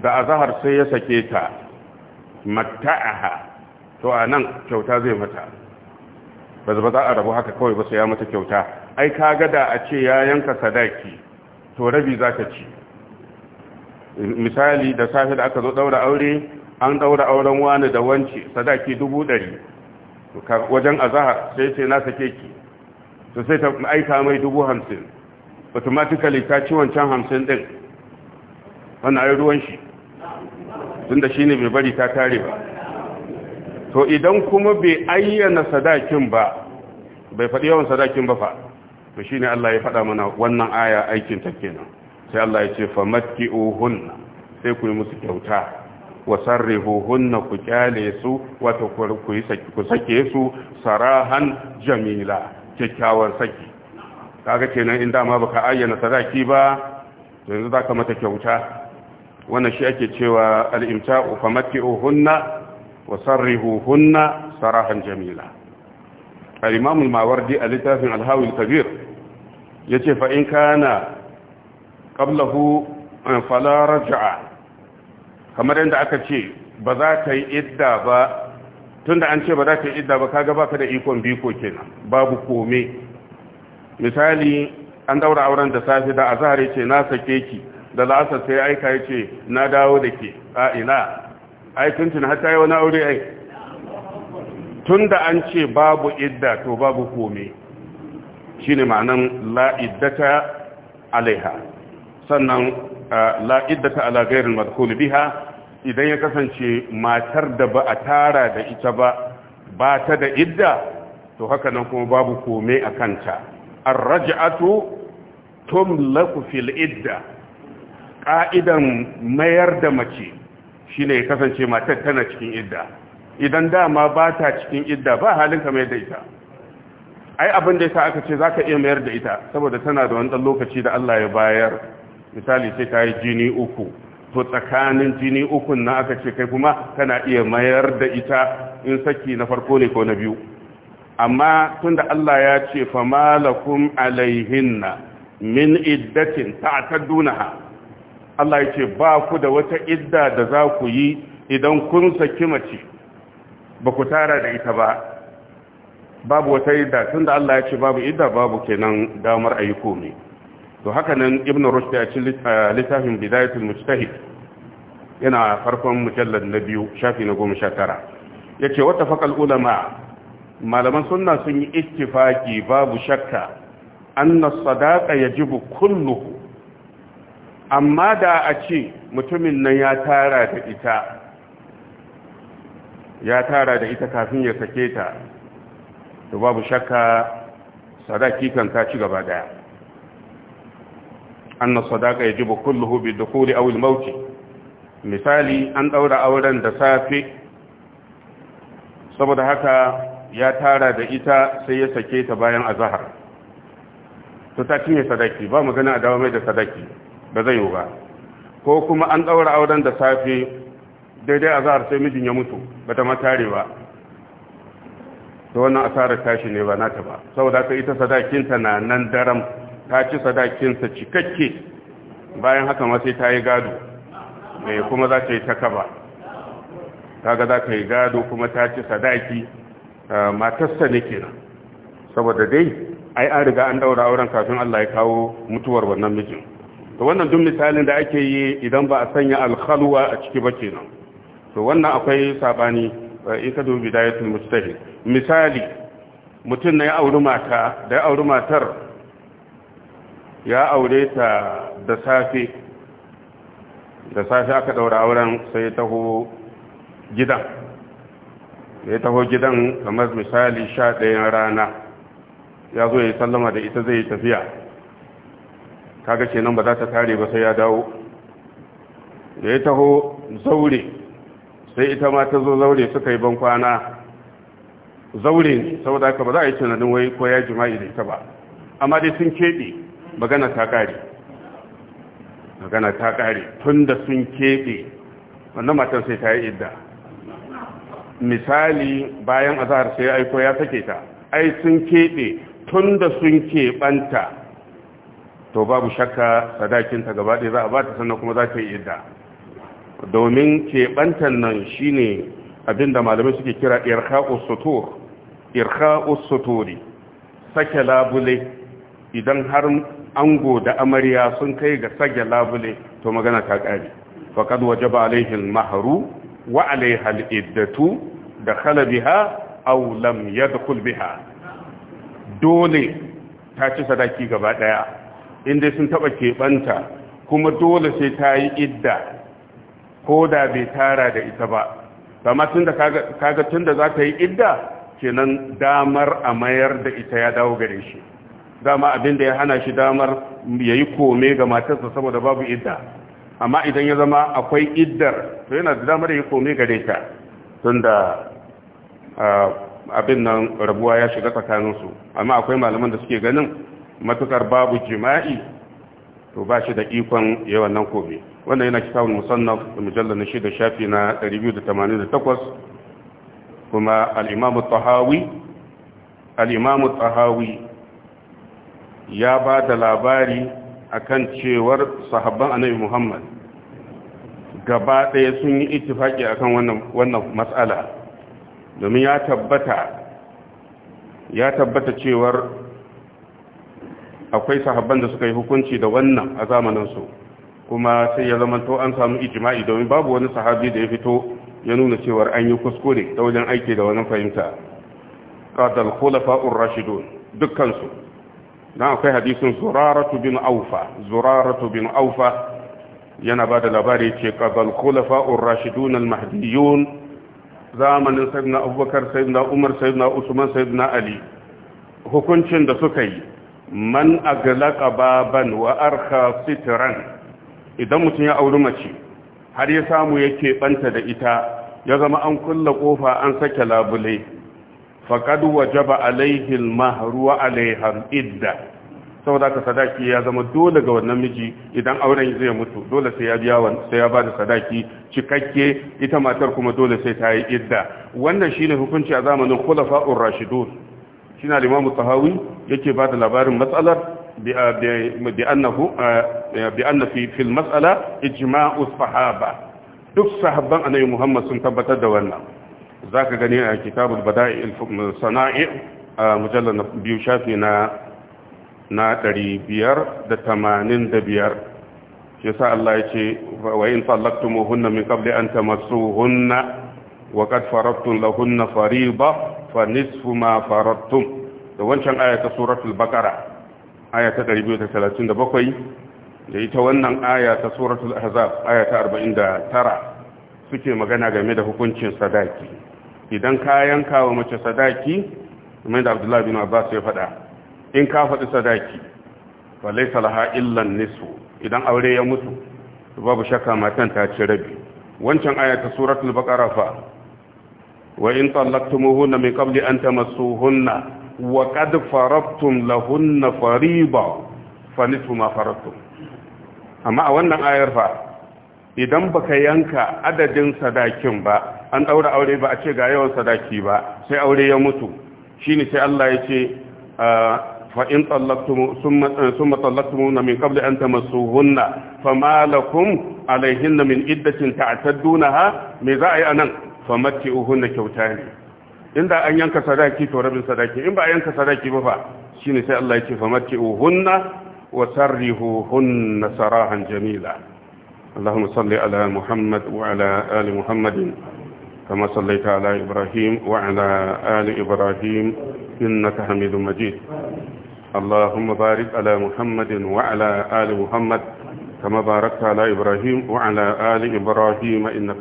da azahar sai ya sake ta Mata'aha, to a nan kyauta zai mata ba za a rabu haka kawai ba su ya mata kyauta ai ka gada a ce ya yanka sadaki to rabi za ka ci misali da safe da aka zo daura aure an daura auren wani da wanci sadaki dubu dari wajen azahar sai sai na sake ki to sai ta aika mai dubu hamsin automatically ka ci wancan hamsin ɗin wannan ai ruwan shi tunda shine bai bari ta tare ba to idan kuma bai ayyana sadakin ba bai faɗi yawan sadakin ba fa to shine Allah ya faɗa mana wannan aya aikin ta kenan sai Allah ya ce famatti'uhunna sai ku yi musu kyauta wasarrihuhunna ku kyale su wato ku sake su sarahan jamila kyakkyawar saki kaga kenan in dama baka ayyana sadaki ba yanzu zaka mata kyauta wannan shi ake cewa al'imta'u famatti'uhunna wa hunna sarahan jamila Alimamul mawardi a littafin al kabir yace fa in kana qablahu eh, fala ja'a? kamar yadda aka ce ba za ta yi idda ba tunda an ce ba za ta yi idda ba kaga baka da ikon biko kenan babu kome misali an daura auren da safi da azhar yace na sake ki da sai aika ya ce na dawo da ke a ai hata yi wani aure ai tun da an ce babu idda to babu kome shi ne ma'anan la'iddata alaiha sannan la'iddata ala matakoli biha idan ya kasance matar da ba a tara da ita ba ba ta da idda to haka nan kuma babu kome a kanta an raja'atu tumlaku fil idda ka'idan mayar da mace shine ya kasance matar tana cikin idda idan dama ba ta cikin idda ba halin ka mayar da ita ai abin da yasa aka ce za ka iya mayar da ita saboda tana da wani dan lokaci da Allah ya bayar misali sai ta yi jini uku to tsakanin jini uku na aka ce kai kuma kana iya mayar da ita in saki na farko ne ko na biyu amma tunda Allah ya ce fa famalakum alaihinna min iddatin ta'tadunaha Allah ya ce ba ku da wata idda da za ku yi idan kun saki mace ba ku tara da ita ba babu wata idda tun da Allah ya ce babu idda babu kenan damar a yi komi to haka nan ibn rushd ya ci eh, littafin bidayatul mujtahid yana farkon mujallar na biyu shafi na goma sha tara ya ce wata fakal ulama malaman sunna sun yi ittifaki babu shakka an na sadaka ya jibu kulluhu amma da a ce mutumin nan ya tara da ita ya tara da ita kafin ya sake ta to babu shakka sadaki kan ta ci gaba daya anna sadaka yajibu kulluhu bi dukhuli aw al mawt misali an daura auren da safe saboda haka ya tara da ita sai ya sake ta bayan azhar to ta cinye sadaki ba magana a dawo mai da sadaki ba zai yiwu ba ko kuma an ɗaura auren da safe daidai a zahar sai mijin ya mutu ba ta matare ba ta wannan asarar tashi ne ba nata ba saboda ka ita sadakinta na nan daram ta ci sadakinta cikakke bayan haka ma sai ta yi gado mai kuma za ta yi ta kaba ta ga za ka yi gado kuma ta ci sadaki matarsa ne kenan saboda dai ai an riga an daura auren kafin Allah ya kawo mutuwar wannan mijin to wannan duk misalin da ake yi idan ba a sanya alkhalwa a ciki ba kenan to wannan akwai sabani eh, in ka dubi bidayatul mustahil misali mutum ne ya auri mata da ya auri matar ya aure ta da safe da safe aka daura auren sai ya taho gidan ya taho gidan kamar misali sha ɗayan rana ya zo ya sallama da ita zai tafiya kaga kenan ba za ta tare ba sai ya dawo da ya taho zaure sai ita ma ta zo zaure suka yi bankwana zaure ne saboda haka ba za a yi tunanin wai ko ya jima'i da ita ba amma dai sun keɓe magana ta ƙare magana ta ƙare tun da sun keɓe wannan matan sai ta yi idda misali bayan azahar sai aiko ya sake ta ai sun keɓe tun da sun keɓanta to babu shakka sadakinta gaba ɗaya za a ba ta sannan kuma za ta yi idda domin keɓantar nan shine abinda malamai suke kira irkha'us usutur irkha'us suturi sake labule idan har ango da amarya sun kai ga sake labule to magana ta kare faqad wajaba alaihi al-mahru wa alaiha al dakhala biha aw lam yadkhul biha dole ta ci sadaki gaba daya inda sun taba keɓanta kuma dole sai ta yi idda ko da bai tara da ita ba amma tun da kaga tun da za ta yi idda kenan damar a mayar da ita ya dawo gare shi dama abin da ya hana shi damar ya yi kome ga matarsa saboda babu idda amma idan ya zama akwai iddar to yana da damar ya yi kome gare ta tun da ah, abin nan rabuwa ya shiga tsakaninsu amma akwai malaman da suke ganin matukar babu jima'i to ba shi da ikon yawan wannan kome wannan yana kitabun musannaf da mujallar na shida shafi na 288 kuma al'imamu tahawi al'imamu tahawi ya ba da labari akan cewar sahabban annabi muhammad gaba ɗaya sun yi ittifaki akan wannan matsala domin ya tabbata ya tabbata cewar akwai sahabban da suka yi hukunci da wannan a zamaninsu kuma sai ya zamanto an samu ijima'i domin babu wani sahabi da ya fito ya nuna cewar an yi kuskure ta wajen aiki da wani fahimta qadal khulafa'ur rashidun dukkan su dan akwai hadisin zuraratu bin aufa zuraratu bin aufa yana ba da labari ce qadal khulafa'ur rashidun al-mahdiyun zamanin sayyidina abubakar sayyidina umar sayyidina usman sayyidina ali hukuncin da suka yi man aglaqa baban wa arkha sitran idan mutum ya auri mace har ya samu yake banta da ita ya zama an kulla kofa an sake labule faqad wajaba alayhi almahru wa alayha idda saboda ka sadaki ya zama dole ga wannan miji idan auren zai mutu dole sai ya biya wan sai ya bada sadaki cikakke ita matar kuma dole sai ta yi idda wannan shine hukunci a zamanin khulafa'ur rashidun Sina na limamu tahawi yake ba da labarin matsalar bi anna fi fil matsala ijma'u sahaba duk sahabban annabi muhammad sun tabbatar da wannan zaka gani a kitabul bada'i sana'i mujallal na biyu shafi na na biyar. shi yasa Allah ya ce wa in tallaqtumuhunna min qabli an tamassuhunna وقد فرضتم لهن فريضة فنصف ما فرضتم da wancan ayata suratul baqara ayata ta 237 da ita wannan ayata ta suratul ahzab aya ta 49 suke magana game da hukuncin sadaki idan ka yanka wa mace sadaki kamar da Abdullahi bin su ya faɗa in ka faɗi sadaki fa laysa laha illa nisfu idan aure ya mutu babu shakka matan ta ci rabi wancan ayata suratul baqara fa wa in tallaqtumuhunna min qabli an tamassuhunna wa qad faradtum lahunna fariba fa nisfu ma faradtum amma a wannan ayar idan baka yanka adadin sadakin ba an daura aure ba a ce ga yawan sadaki ba sai aure ya mutu shine sai Allah ya ce fa in tallaqtumu thumma thumma tallaqtumuna min qabli an tamassuhunna fama lakum alayhinna min iddatin ta'taddunaha me za a yi anan famatti uhunna ne inda an yanka sadaki to rabin sadaki in ba a yanka sadaki ba fa shine sai Allah yake famatti uhunna wa sarrihu hunna jamila Allahumma salli ala Muhammad wa ali Muhammad kama sallaita ala Ibrahim wa ali Ibrahim innaka Hamidum Majid اللهم بارك على محمد وعلى آل محمد كما باركت على إبراهيم وعلى آل إبراهيم إنك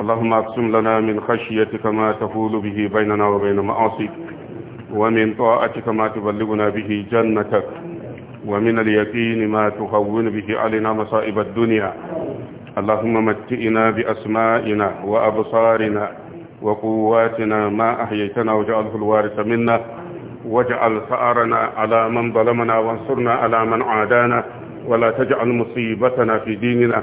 اللهم اقسم لنا من خشيتك ما تفول به بيننا وبين معاصيك ومن طاعتك ما تبلغنا به جنتك ومن اليقين ما تهون به علينا مصائب الدنيا اللهم متئنا بأسمائنا وأبصارنا وقواتنا ما أحييتنا وجعله الوارث منا واجعل ثأرنا على من ظلمنا وانصرنا على من عادانا ولا تجعل مصيبتنا في ديننا